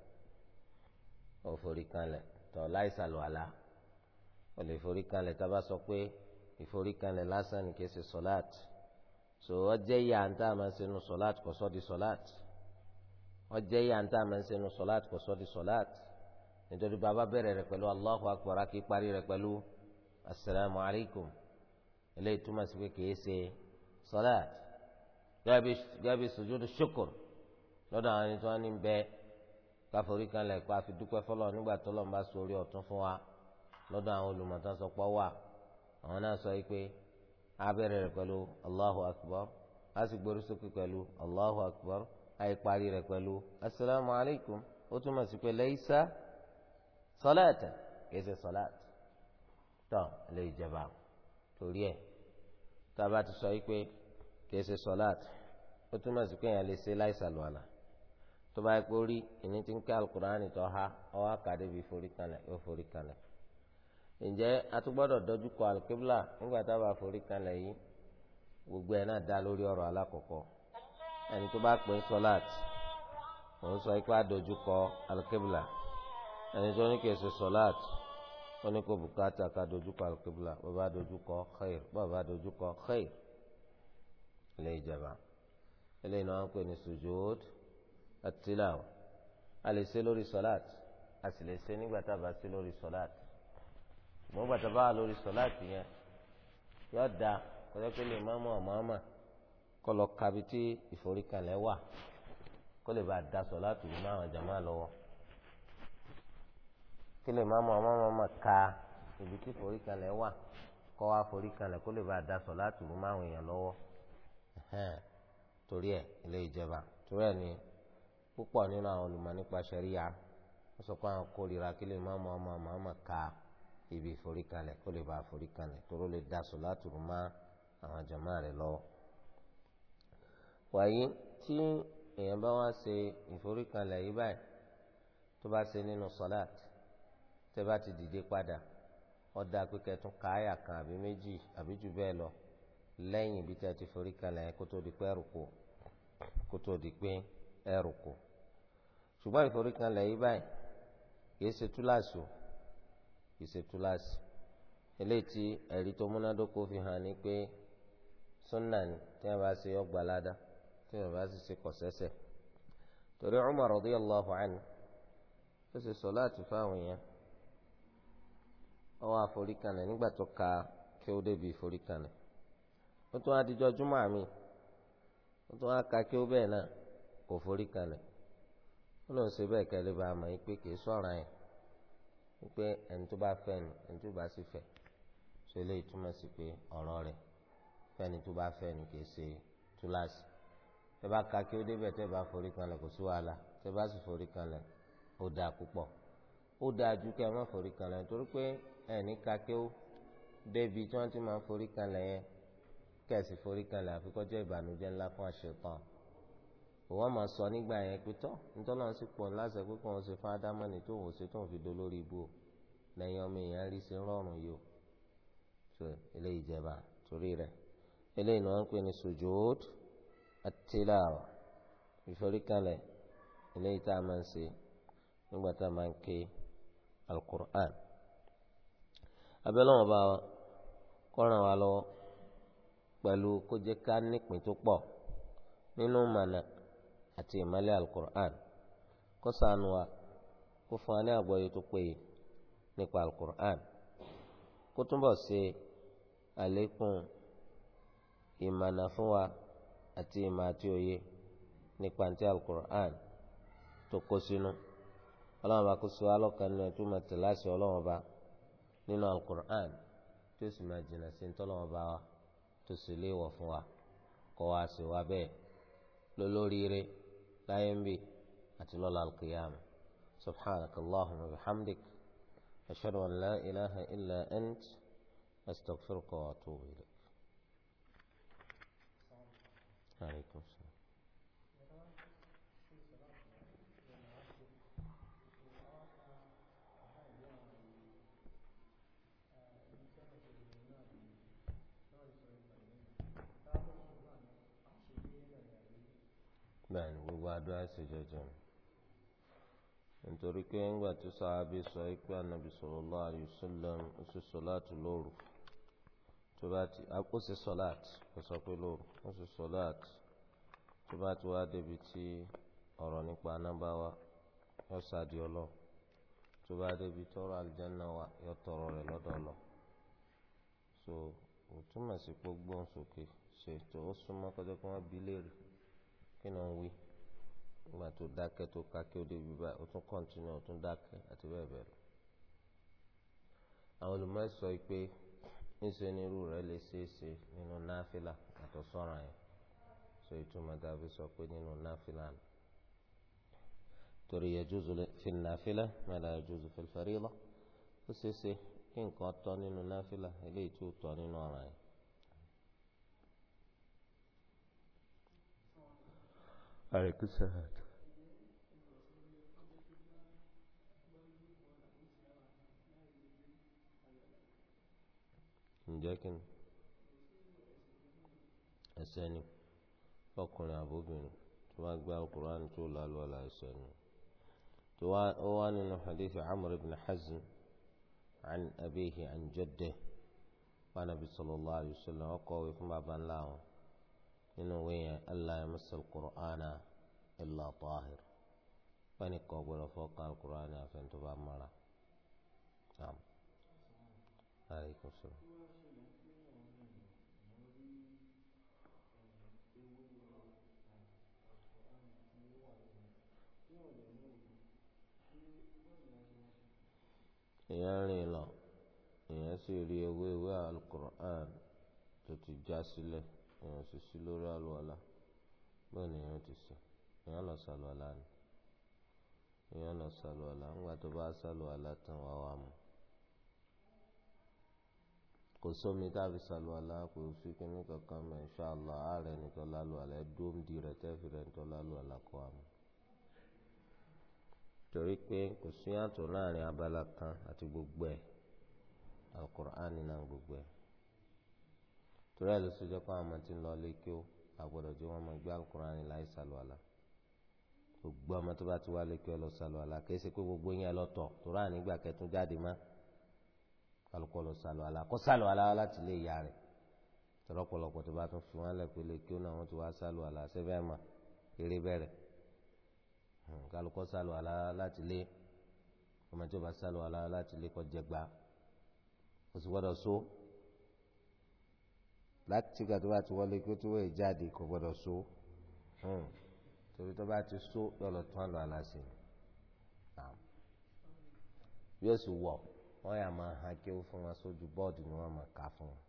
ó forí kanlẹ̀ tó láì sàlùwàlá ó lè forí kanlẹ̀ tá a bá sọ pé ìforí lásán ni kì í ṣe sọláàt so ó jẹ́ ìyá ń tá a máa ń sinú sọláàt kò sọ́ di sọláàt ó jẹ́ ìyá ń tá a máa ń sinú sọláàt kò sọ́ di sọláàt nítorí bàbá bẹ̀rẹ̀ rẹ̀ pẹ̀lú Allahu akbar kì parí rẹ̀ pẹ̀lú asalaamu alaykum eléyìí túmọ̀ sí pé kì í ṣe sọláàt gẹ́gẹ́ bí sùjúdù lọ́dọ̀ àwọn ẹni tó wá ní bẹ́ẹ̀. káforí kan lẹ̀ kó a fi dúpẹ́ fọlọ́ nígbà tó lọ́n bá ọ̀tún fún wa lọ́dọ̀ àwọn wà àwọn náà sọ yìí pé a bẹ̀rẹ̀ rẹ̀ pẹ̀lú allahu akbar a sì gbórí sókè pẹ̀lú allahu akbar a yìí parí rẹ̀ pẹ̀lú asalaamu alaykum ó sí pé sọláàtà kìí ṣe sọláàtà sọ yìí pé kìí ṣe sọláàtà ó sí tó bá yẹ kó rí ẹni tí ń ká alukur'ani tó ha ọwọ́ àkàdé bíi forí kanlẹ̀ yóò forí kanlẹ̀ ǹjẹ́ atúgbọ́dọ̀ dojú kọ alukébùlà nígbà tá a bá forí kanlẹ̀ yìí gbogbo ẹ̀ náà dá lórí ọ̀rọ̀ alákọ̀ọ́kọ́ ẹni tó bá pè ń sọláàt òun sọ ipá dojú kọ alukébùlà ẹni tó ní kí ẹ ṣe ó ní kó bùkátà ká dojú kọ alukébùlà bàbá dojú kọ xeyr bàbá dojú kọ xeyr ilé ìjọba ilé ìnáwó ń pè ní sujúd àtìláwà a lè ṣe lórí sọláàt a sì lè ṣe nígbà tá a bá ṣe lórí sọláàt ṣùgbọ́n gbàtà bá wà lórí sọláàt yẹn yóò da kọjá pé lè má mọ ọmọ ọmọ kọ lọ kabi tí ìforíkalẹ̀ wà kó lè bá a da sọláàt yìí má àwọn jàmá lọ́wọ́ kí lè má mọ ọmọ ọmọ ka ibi tí ìforíkalẹ̀ wà kọ́ wa foríkalẹ̀ kó lè bá a da sọláàt yìí má àwọn èèyàn lọ́wọ́ torí ẹ̀ ilé ìjọba torí ẹ̀ ni púpọ̀ nínú àwọn olùmọ̀ nípa ṣẹ̀ríya wọ́n sọ pé àwọn kórìíra kí lè má mọ́ ọmọ màmá ka ibi ìforíkalẹ̀ kó lè ba àforíkalẹ̀ tó lè da sọ̀láàtù má àwọn jàmáà rẹ̀ lọ. wàyí tí èèyàn bá wá ṣe ìforíkalẹ̀ yìí báyìí tó bá ṣe nínú sọ̀láàtì tẹ́ bá ti dìde padà ọ̀dà pípẹ́ tún káyà kan àbí méjì àbí jù bẹ́ẹ̀ lọ lẹ́yìn ibi tí a ti forí kalẹ̀ kó tó di pé ẹrù kù kó tó di pé ẹrù kù. ṣùgbọ́n ìforíkanlẹ̀ yìí báyìí kìí ṣe túláàsì o kìí ṣe túláàsì eléyìí tí ẹ̀rí tó múnádókó fi hàn ni pé súnà ni tí wọ́n bá ṣe ọgbà ládàá tí wọ́n bá sì ṣe kọ̀ṣẹ́ṣẹ́ torí Umar radiyallahu anhu ó ṣe sọ̀láàtì fáwọn èèyàn ó wá àforíkanlẹ̀ nígbà tó ka kí ó débi ìforíkanlẹ̀ ó tún adijọ́ júmọ̀ àmì ó ó lọ sí bẹ́ẹ̀ kẹ́lẹ́ bá a mọ̀ pé kì í sọ̀ràn yẹn wípé ẹni tó bá fẹ́ ni ẹni tó bá sì fẹ́ ṣe eléyìí túmọ̀ sí pé ọ̀rọ̀ rẹ̀ fẹ́ni tó bá fẹ́ ni kì í ṣe túláàsì tẹ bá ka kí ó débẹ̀ tẹ bá forí kanlẹ̀ kò sí wàhálà tẹ bá sì forí kanlẹ̀ ó dáa púpọ̀ ó dáa ju kẹ́ ẹ má forí kanlẹ̀ nítorí pé ẹni ka kí ó débi tí wọ́n ti máa forí kanlẹ̀ yẹn kẹ́ ẹ sì forí kanlẹ̀ àfikọ́jọ́ ìbànújẹ́ ńlá fún àṣetán ìwọ máa sọ nígbà yẹn pé tọ́ nítorí wọn sì pọ̀ lásẹ̀ pé kàn ṣe fún ádámọ́ni tó wò ṣe tó ń fi do lórí ibú o lẹ́yìn ọmọ èèyàn rí sí rọrùn yìí o tó eléyìí jẹba torí rẹ̀ eléyìí ni wọ́n ń pè ní sujud at ìforíkalẹ̀ eléyìí tá a máa ń ṣe nígbà tá a máa ń ké al abẹ́lẹ́wọ̀n bá wa wa lọ́wọ́ pẹ̀lú kó jẹ́ ká nípìn tó pọ̀ nínú mànà àti ìmọ́lẹ̀ alukur'an kó ṣàánú wa kó fún wa ní àgbọ́yé tó péye nípa alukur'an kó túnbọ̀ ṣe àlékún ìmọ̀nà fún wa àti ìmọ̀ àti òye nípa ntí alukur'an tó kó sínú ọlọ́run bá kó sí wa lọ́kàn nínú ẹtú máa tẹ̀lé àṣẹ ọlọ́run bá nínú alukur'an tó sì máa jìnnà sí ntọ́lọ́run bá wa tó sì léèwọ̀ fún wa kó wa sì wá bẹ́ẹ̀ lólóríire. لا ينبي أتلول القيامة سبحانك اللهم وبحمدك أشهد أن لا إله إلا أنت أستغفرك وأتوب إليك عليكم السلام àdó àṣẹ jọjọ nítorí pé ńgbà tí sàábì sọ pé anabi sallallahu alaihi wasallam ó sì sọláàtì lóru tó bá ti ó sì sọláàtì kò sọ pé lóru ó sì sọláàtì tó bá ti wá débi tí ọ̀rọ̀ nípa nọ́mbà wa yọ sàdí ọlọ́ tó bá débi tọrọ àlùjáná wa yọ tọrọ rẹ̀ lọ́dọ̀ ọlọ́ so ó túmọ̀ sí pé gbọ́n sókè ṣètò ó súnmọ́ kọjá pé wọ́n bí léèrè kí ni wọ́n wí nígbà tó dákẹ́ tó ká kí ó débi báyìí ó tún kọ́ntínú ó tún dákẹ́ àti bẹ́ẹ̀ bẹ́ẹ̀ lọ. àwọn olùmọ̀ sọ pé níṣẹ́ ni irú rẹ̀ lè ṣeé ṣe nínú náfìlà àtọ̀ sọ́ra yẹn sọ ìtumọ̀ dàbí sọ pé nínú náfìlà nù. torí yajuzu fil náfìlà ma la yajuzu fil fariida ó ṣeé ṣe kí nǹkan tọ́ nínú náfìlà eléyìí tó tọ́ nínú ọ̀ràn yẹn. عليك السهاد لكن الثاني فقنا بوبين تو اقبال القران تو لا يسالني تو اوان حديث عمر بن حزم عن ابيه عن جده عن النبي صلى الله عليه وسلم وقوي فما بان لاهم nínú ìwé yẹn allah yamasal qur'ana illa tahir wọ́n kò gbọ́dọ̀ fọ́ọ̀kan alukur'ani àfẹn tó bá mara. Alaikum salaam. èèyàn rìn lọ èèyàn sì rí ewé ìwé alukur'an tó ti já sílẹ̀. èèyàn osisi sí lórí àlùwàlá bẹ́ẹ̀ ni èèyàn ti ṣe èèyàn lọ sàlùwàlá ni èèyàn lọ sàlùwàlá ńgbà tó bá sàlùwàlá tán wà wà mú kò sómi tàbí sàlùwàlá kò sí kíní kankan mẹ́ inṣàlá ààrẹ nìkan lálùwàlá dóńdì rẹ̀ tẹ́fì rẹ̀ nìkan lálùwàlá kọ́ àmú torí pé kò sí yàtọ̀ láàrin abala kan àti gbogbo ẹ̀ alukur'an torí àlọ́ sójú pé àwọn ọmọ tí ń lọ lé kí ó àgbọ̀dọ̀ jẹ́ wọ́n máa gbé alukurani láì sàlùwàlà gbogbo ọmọ tó bá ti wá lé kí ó lọ sàlùwàlà kì í ṣe pé gbogbo yẹn lọ tọ̀ torí àwọn nígbà kẹtún jáde má kálukọ lọ sàlùwàlà kọ́ sàlùwàlà wá láti lé ìyá rẹ̀ tọ́lọ́pọ̀lọpọ̀ tó bá tún fi wọ́n lẹ̀ pé lé kí ó náà wọ́n ti wá sàlùwàlà sẹ́fẹ̀ mà eré bẹ̀rẹ̀ hmm, kálukọ sàlùwàlà láti lé ọmọ láti gbà tó bá ti wọlé kó tó wẹ̀ jáde kò gbọdọ̀ so hmm. torí tó bá ti so yọlọ tán lọ aláṣẹ yóò sì wọ wọn yà máa hàn kí ó fún wọn sójú bọ́ọ̀dù ni wọn máa kà fún wọn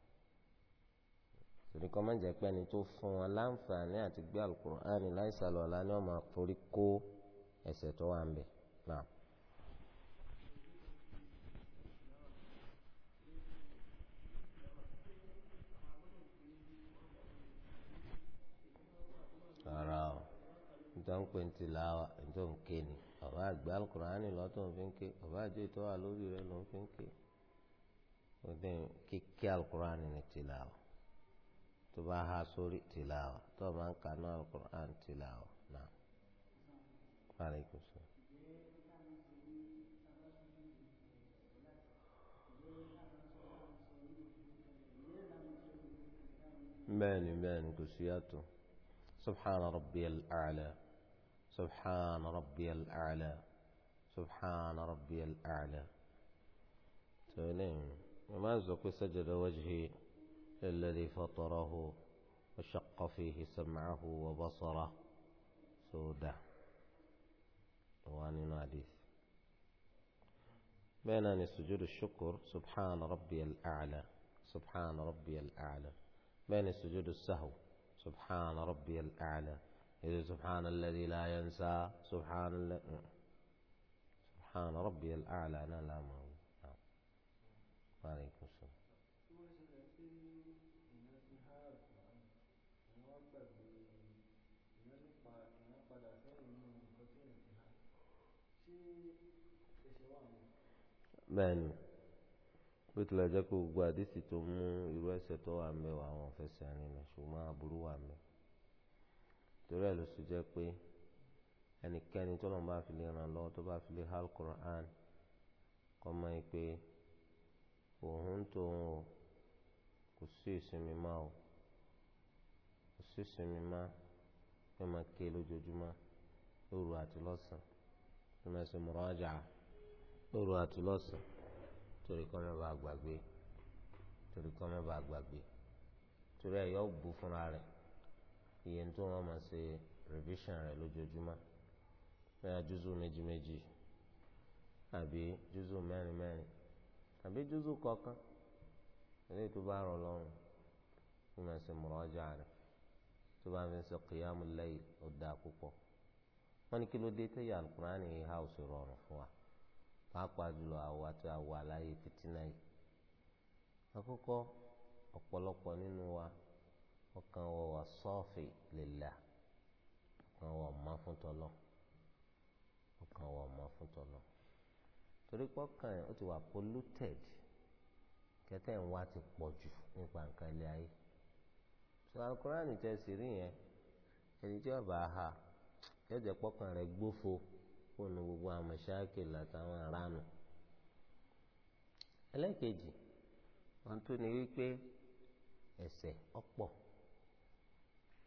torí kọ́ máa jẹ́ pé ẹni tó fún wọn láǹfààní àti gbé Al-Qur'ani láìsàlọ̀ ọ̀la ni wọ́n máa forí kó ẹsẹ̀ tó wà ń bẹ̀ náà. nítorí wọn pe ń ti là nítorí wọn ké ni ọba àgbà alukurani fi ń ké ọba àjọ ìtọ́ wa rẹ ló fi ń ké ọdẹ kíkí alukurani ni ha sórí ti tó bá ń kaná alukurani ti náà. Aleykum salaam. bẹ́ẹ̀ni kò سبحان ربي الأعلى سبحان ربي الأعلى سبحان ربي الأعلى تولين وما زكو سجد وجهي الذي فطره وشق فيه سمعه وبصره سوده واني ناديث بينني سجود الشكر سبحان ربي الأعلى سبحان ربي الأعلى بين سجود السهو سبحان ربي الأعلى إذا سبحان الذي لا ينسى سبحان الذي سبحان ربي الأعلى أنا لا ما نعم عليكم السلام bó tilẹ̀ jẹ́ pé gbogbo àdìsí tó mú irú ẹsẹ̀ tó wà mẹ́wàá àwọn fẹsẹ̀ rinlẹ̀ ṣùgbọ́n aburú wà mẹ́ torí ẹ̀ ló sì pé ẹnikẹ́ni tó lọ́n bá fi lè ràn lọ́wọ́ tó hal Qur'an kọ́ mọ́ ẹ pé òun tó ń o kò sí ìsinmi má o kò sí ìsinmi má ẹ máa ké lójoojúmọ́ lóru àti lọ́sàn-án ẹ máa ṣe muraja'a lóru àti lọ́sàn torí kọ́ mọ́ bá gbàgbé torí kọ́ mọ́ bá gbàgbé torí ẹ̀ yọ bu fúnra rẹ̀ iye tó wọ́n máa ṣe revision rẹ̀ lójoojúmọ́ bẹ́ẹ̀ júzù méjì méjì àbí júzù mẹ́rin mẹ́rin àbí júzù kọ̀ọ̀kan ilé tó bá rọ̀ lọ́rùn ní máa ṣe mọ̀rọ́jà rẹ̀ tó bá fi ń ṣe qiyamul layl ó dáa púpọ̀ wọ́n ní kí ló dé tẹ́yà alukur'ani yìí ha ò sì rọrùn fún wa pàápàá jùlọ àwa tí a wà láyé fìtínà yìí àkọ́kọ́ ọ̀pọ̀lọpọ̀ nínú wa ọkàn wa wà sọ́ọ̀fì lillah ọkàn wa ọ̀ma fún tọ́lọ́ ọkàn wa ọ̀ma fún tọ́lọ́ torí pọ́kàn ó ti wà polluted kẹtẹ́ ń wá ti pọ̀ jù nípa nǹkan ilé ayé sọ alukurani tẹ́ sí rí yẹn ẹni tí ọba ha yóò pọ́kàn rẹ̀ gbófo. kó gbogbo àmọ̀ṣáàkìlì àtàwọn aránù. ẹlẹ́ẹ̀kejì wọn tún ní wípé ẹ̀ṣẹ̀ ọ̀pọ̀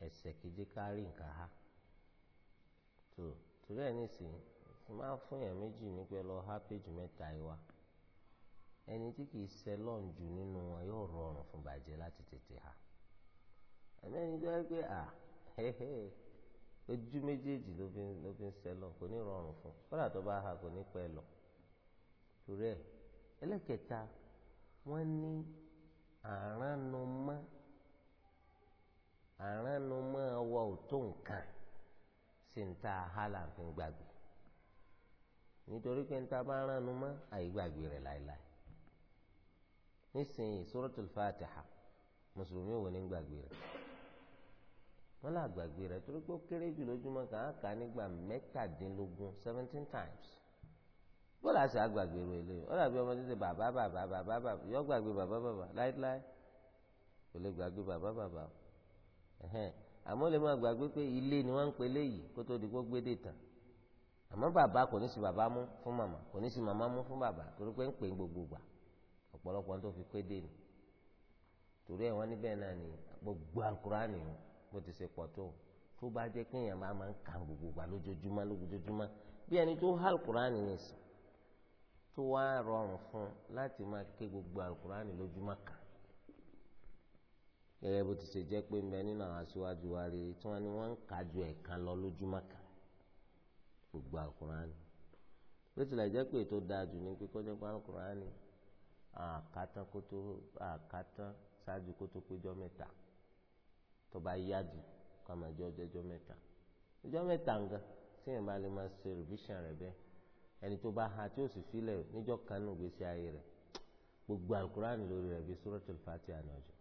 ẹ̀ṣẹ̀ kejì kárí nǹkan ha tó torí ẹ̀ nísìnyí tí máa fún yàn méjì ní pé lọ há mẹ́ta ìwà ẹni tí kìí ṣe lọ́njù nínú wọn yóò rọrùn fún bàjẹ́ láti ha ẹ̀mẹ́ni jẹ́ pé à ojú méjèèjì ló fi ló fi ń sẹlọ kò ní rọrùn fún kódà tó bá ha kò ní pẹ́ lọ torí ẹ ẹlẹ́kẹta wọ́n ní àránumọ́ àránumọ́ wa ò tó nǹkan sì ń ta hálà fi ń gbàgbé nítorí pé ń ta bá ránumọ́ àìgbàgbé rẹ̀ láéláé nísìnyí suratul fatiha mùsùlùmí ò ní gbàgbé rẹ̀ wọn là gbàgbé rẹ̀ torí pé ó kéré jù lójúmọ́ kà á kà á nígbà mẹ́tàdínlógún seventeen times bóòlù àti àgbàgbé rẹ̀ eléyìí wọn làbí ọmọ títí bàbá bàbá bàbá bàbá yọ gbàgbé bàbá bàbá láíláí kò lè gbàgbé bàbá bàbá ẹhẹn àmọ́ lè má gbàgbé pé ilé ni wọ́n ń pe léyìí kó tó di kó gbé dé tán àmọ́ bàbá kò ní sí bàbá mú fún màmá kò ní sí màmá mú fún bàbá torí pé ń pè gbogbo gbà ọ̀pọ̀lọpọ̀ tó fi pé dé ni torí ẹ̀ wọ́n níbẹ̀ náà ni gbogbo àkùrá nìyẹn bó ti ṣe pọ̀ tó tó bá jẹ́ pé èèyàn bá máa ń kà gbogbo gbà lójoojúmọ́ lójoojúmọ́ bí ẹni tó há alukur'ani ní ìsìn tó wá rọrùn fún láti máa ké gbogbo alukur'ani lójúmọ́ kan gẹ́gẹ́ bó ti ṣe jẹ́ pé ń bẹ nínú àwọn aṣíwájú wa rere tí wọ́n ní wọ́n ń kà ju ẹ̀ẹ̀kan lọ lójúmọ́ kan gbogbo alukur'ani bó tilẹ̀ jẹ́ pé ètò dáa jù ní kíkọ́ jẹ́ pé alukur'ani àkátán kótó àkátán ṣáájú kótó péjọ mẹ́ta tó bá yá jù kó a máa jẹ ọjọ́ ọjọ́ mẹ́ta ọjọ́ mẹ́ta nǹkan tí èèyàn bá lè máa ṣe revision rẹ̀ bẹ́ẹ̀ ẹni tó bá ha tí ó sì sílẹ̀ níjọ́ kan nù gbèsè ayé rẹ̀ gbogbo alukur'an lórí rẹ̀ bíi suratul fatiha ní ọjọ́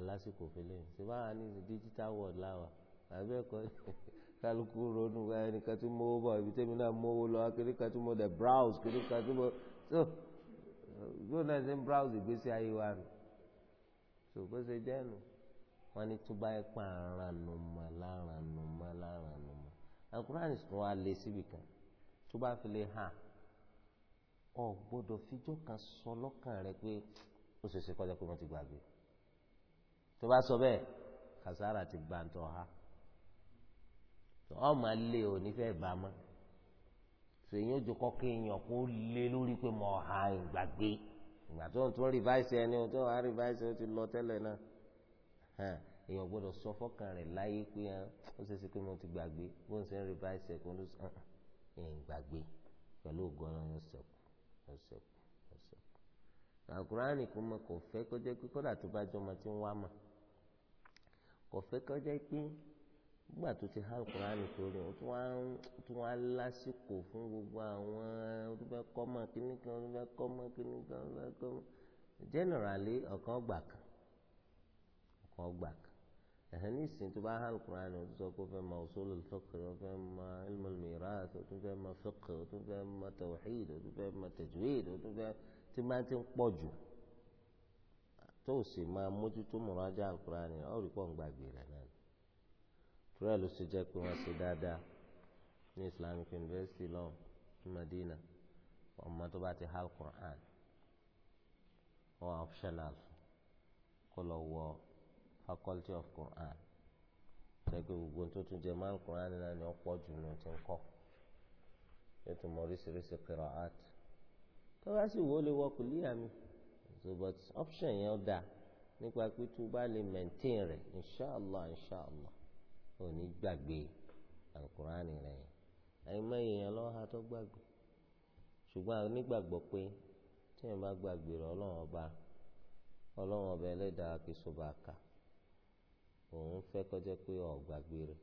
alásìkò fẹlẹ ṣùgbọ́n àwọn ní digital world láwa àbẹ́ẹ̀kọ́ kálukú ronú ẹnìkan tí mo bọ̀ ibi tẹ́mi náà mo lọ akérèkà tí mo dẹ̀ browse kérèkà tí mo so yóò náà ṣe ń browse ìgbésí ayé wa nù so bó ṣe jẹ́ nu wọ́n ní tó bá yẹ pa àrànùmọ̀ lárànùmọ̀ lárànùmọ̀ alukurani sùn wá lé síbi kan tó bá fi lè hàn ọ gbọ́dọ̀ fíjọ́ kan sọ lọ́kàn rẹ pé ó kọjá pé ti gbàgbé tó bá sọ ti bá ha ọmọ lé o nífẹ̀ẹ́ bá mọ́ sèyí ó jọ kọ́ kéèyàn kó lé lórí mo ha ìgbà tó ń tún rìváìsì ẹni tó wàá rìváìsì ó ti lọ tẹ́lẹ̀ náà hàn èèyàn gbọ́dọ̀ sọ fọ́kàn rẹ̀ láyé pé ó ṣe é ṣe pé mo ti gbàgbé bó ń ṣe ń rìváìsì ẹ̀ kó ló sọ ẹ̀yìn gbàgbé pẹ̀lú ògùn ọ̀rọ̀ yóò ṣẹ̀kù yóò ṣẹ̀kù yóò ṣẹ̀kù. àkùránì kò mọ kò fẹ́ kọjá pé kódà tó bá jọ ọmọ tí ń wá mọ̀ kò fẹ́ kọjá pé nígbà tó ti há kùránì torí wọn tó wá lásìkò fún gbogbo àwọn olùfẹ́ kọ́mọ kínní kan olùfẹ́ kọ́mọ kínní kan olùfẹ́ kọ́mọ generally ọ̀kan gbà kan ọ̀kan gbà kan ẹ̀hẹ́n nísìnyí tó bá há kùránì o tó sọ pé o fẹ́ mọ usulul fiqh o fẹ́ mọ ilmul mirath o tó fẹ́ mọ fiqh o tó fẹ́ mọ tawhid o tó fẹ́ mọ tajwid o tó fẹ́ tí bá ti ń pọ̀ jù tó o sì máa mójútó mọ̀rájà kùránì ọ̀ rí pọ̀ ń gbàgbé rẹ̀ náà rẹ ló ṣe jẹ́ pé wọ́n ṣe dáadáa ní Islamic University lọ́hùn ní Madina ọmọ tó bá ti hal Quran ó wà optional kó lọ wọ Faculty of Quran ṣẹ́gun gbogbo tó tún jẹ máa ń Quran náà ni ó pọ̀ jù ní ti ń kọ́ yóò tún mọ oríṣiríṣi qira'at tó bá sì wọlé wọ kùlíyà mi so but option yẹn ó nípa pé bá lè maintain rẹ̀ inshallah inshallah onigbagbe ní gbàgbé alukurani rẹ àyìnbá èèyàn lọ́ha tó gbàgbé ṣùgbọ́n onígbàgbọ́ pé tí èèyàn bá gbàgbé rẹ ọlọ́run ọba ọlọ́run ọba ẹlẹ́dàá kì kà òun fẹ́ kọjá pé ọ̀ gbàgbé rẹ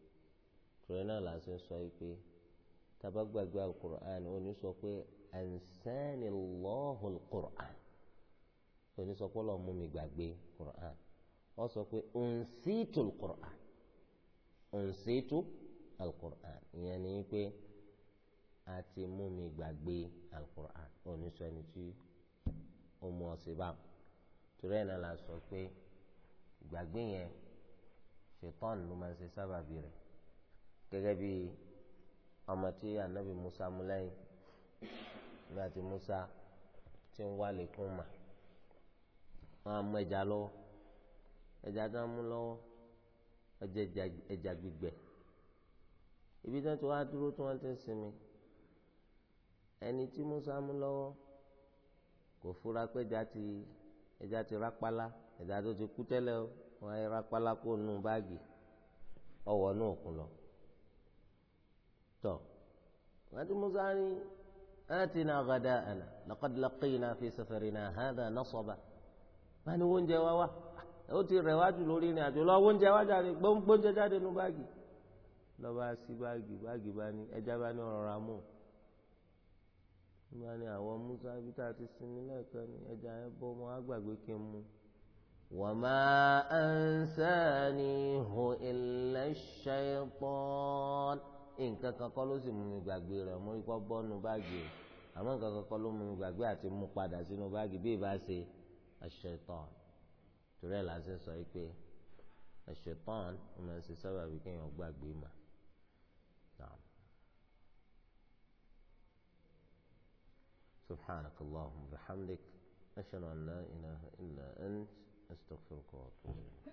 torí náà là ń sọ pé tábà gbàgbé alukurani ó sọ pé ansani lọ́hùn alukurani sọ pé ọlọ́run mú mi gbàgbé sọ pé òun sí ǹṣètò alukur'an ìyẹn ni pé a ti mú mi gbàgbé alukur'an oníṣọ ẹni tí ó mú ọ sí báwọn torí ẹ̀ náà la sọ pé gbàgbé yẹn ṣetán ló máa ń ṣe sábàbí rẹ̀ gẹ́gẹ́ bí ọmọ tí anabi musa mú lẹ́yìn nígbà tí musa ti ń wá lẹ́kùn mà wọ́n á mú ẹja lọ́wọ́ ẹja tó ń mú lọ́wọ́ ọjọ́ ẹja gbígbẹ ibi tí wọ́n ti wá dúró tí wọ́n ti ń sinmi ẹni tí Musa mú lọ́wọ́ kò fura pé ẹja ti ẹja ti rápálá ẹja tó ti kú tẹ́lẹ̀ o wọ́n á rápálá kó nù báàgì ọwọ́ nù òkun lọ tọ́ wọ́n ti Musa ní atina ghada'ana laqad laqina fi safarina hadha nasaba wọ́n á ní wọ́n ń jẹ wá wá ó ti rẹ̀ wájú lórí ìrìn àjò lọ oúnjẹ wájà rẹ gbóúnjẹ jáde nu báàgì lọ́ba sí báàgì báàgì bá ní ẹja bá ní ọ̀rọ̀ amú nígbà ní àwọn musa bí tá a ti sinmi lẹ́ẹ̀kan ní ẹja yẹn bọ́ ọmọ agbàgbé kí n mu. wama ansanihu illa shaytan nǹkan kan kọ́ ló sì mú mi gbàgbé rẹ̀ mú ikọ́ bọ́nu báàgì àmọ́ nǹkan kan kọ́ ló mú mi gbàgbé àti mú padà sínú báàgì bí ìbá ṣe ash-shaytan. torí ẹ̀ lásán sọ yìí pé ẹ̀ṣẹ̀ tán ó máa ń ṣe sábàbí kéèyàn gbàgbé mà náà. سبحانك اللهم وبحمدك أشهد أن لا إله إلا أنت أستغفرك وأتوب إليك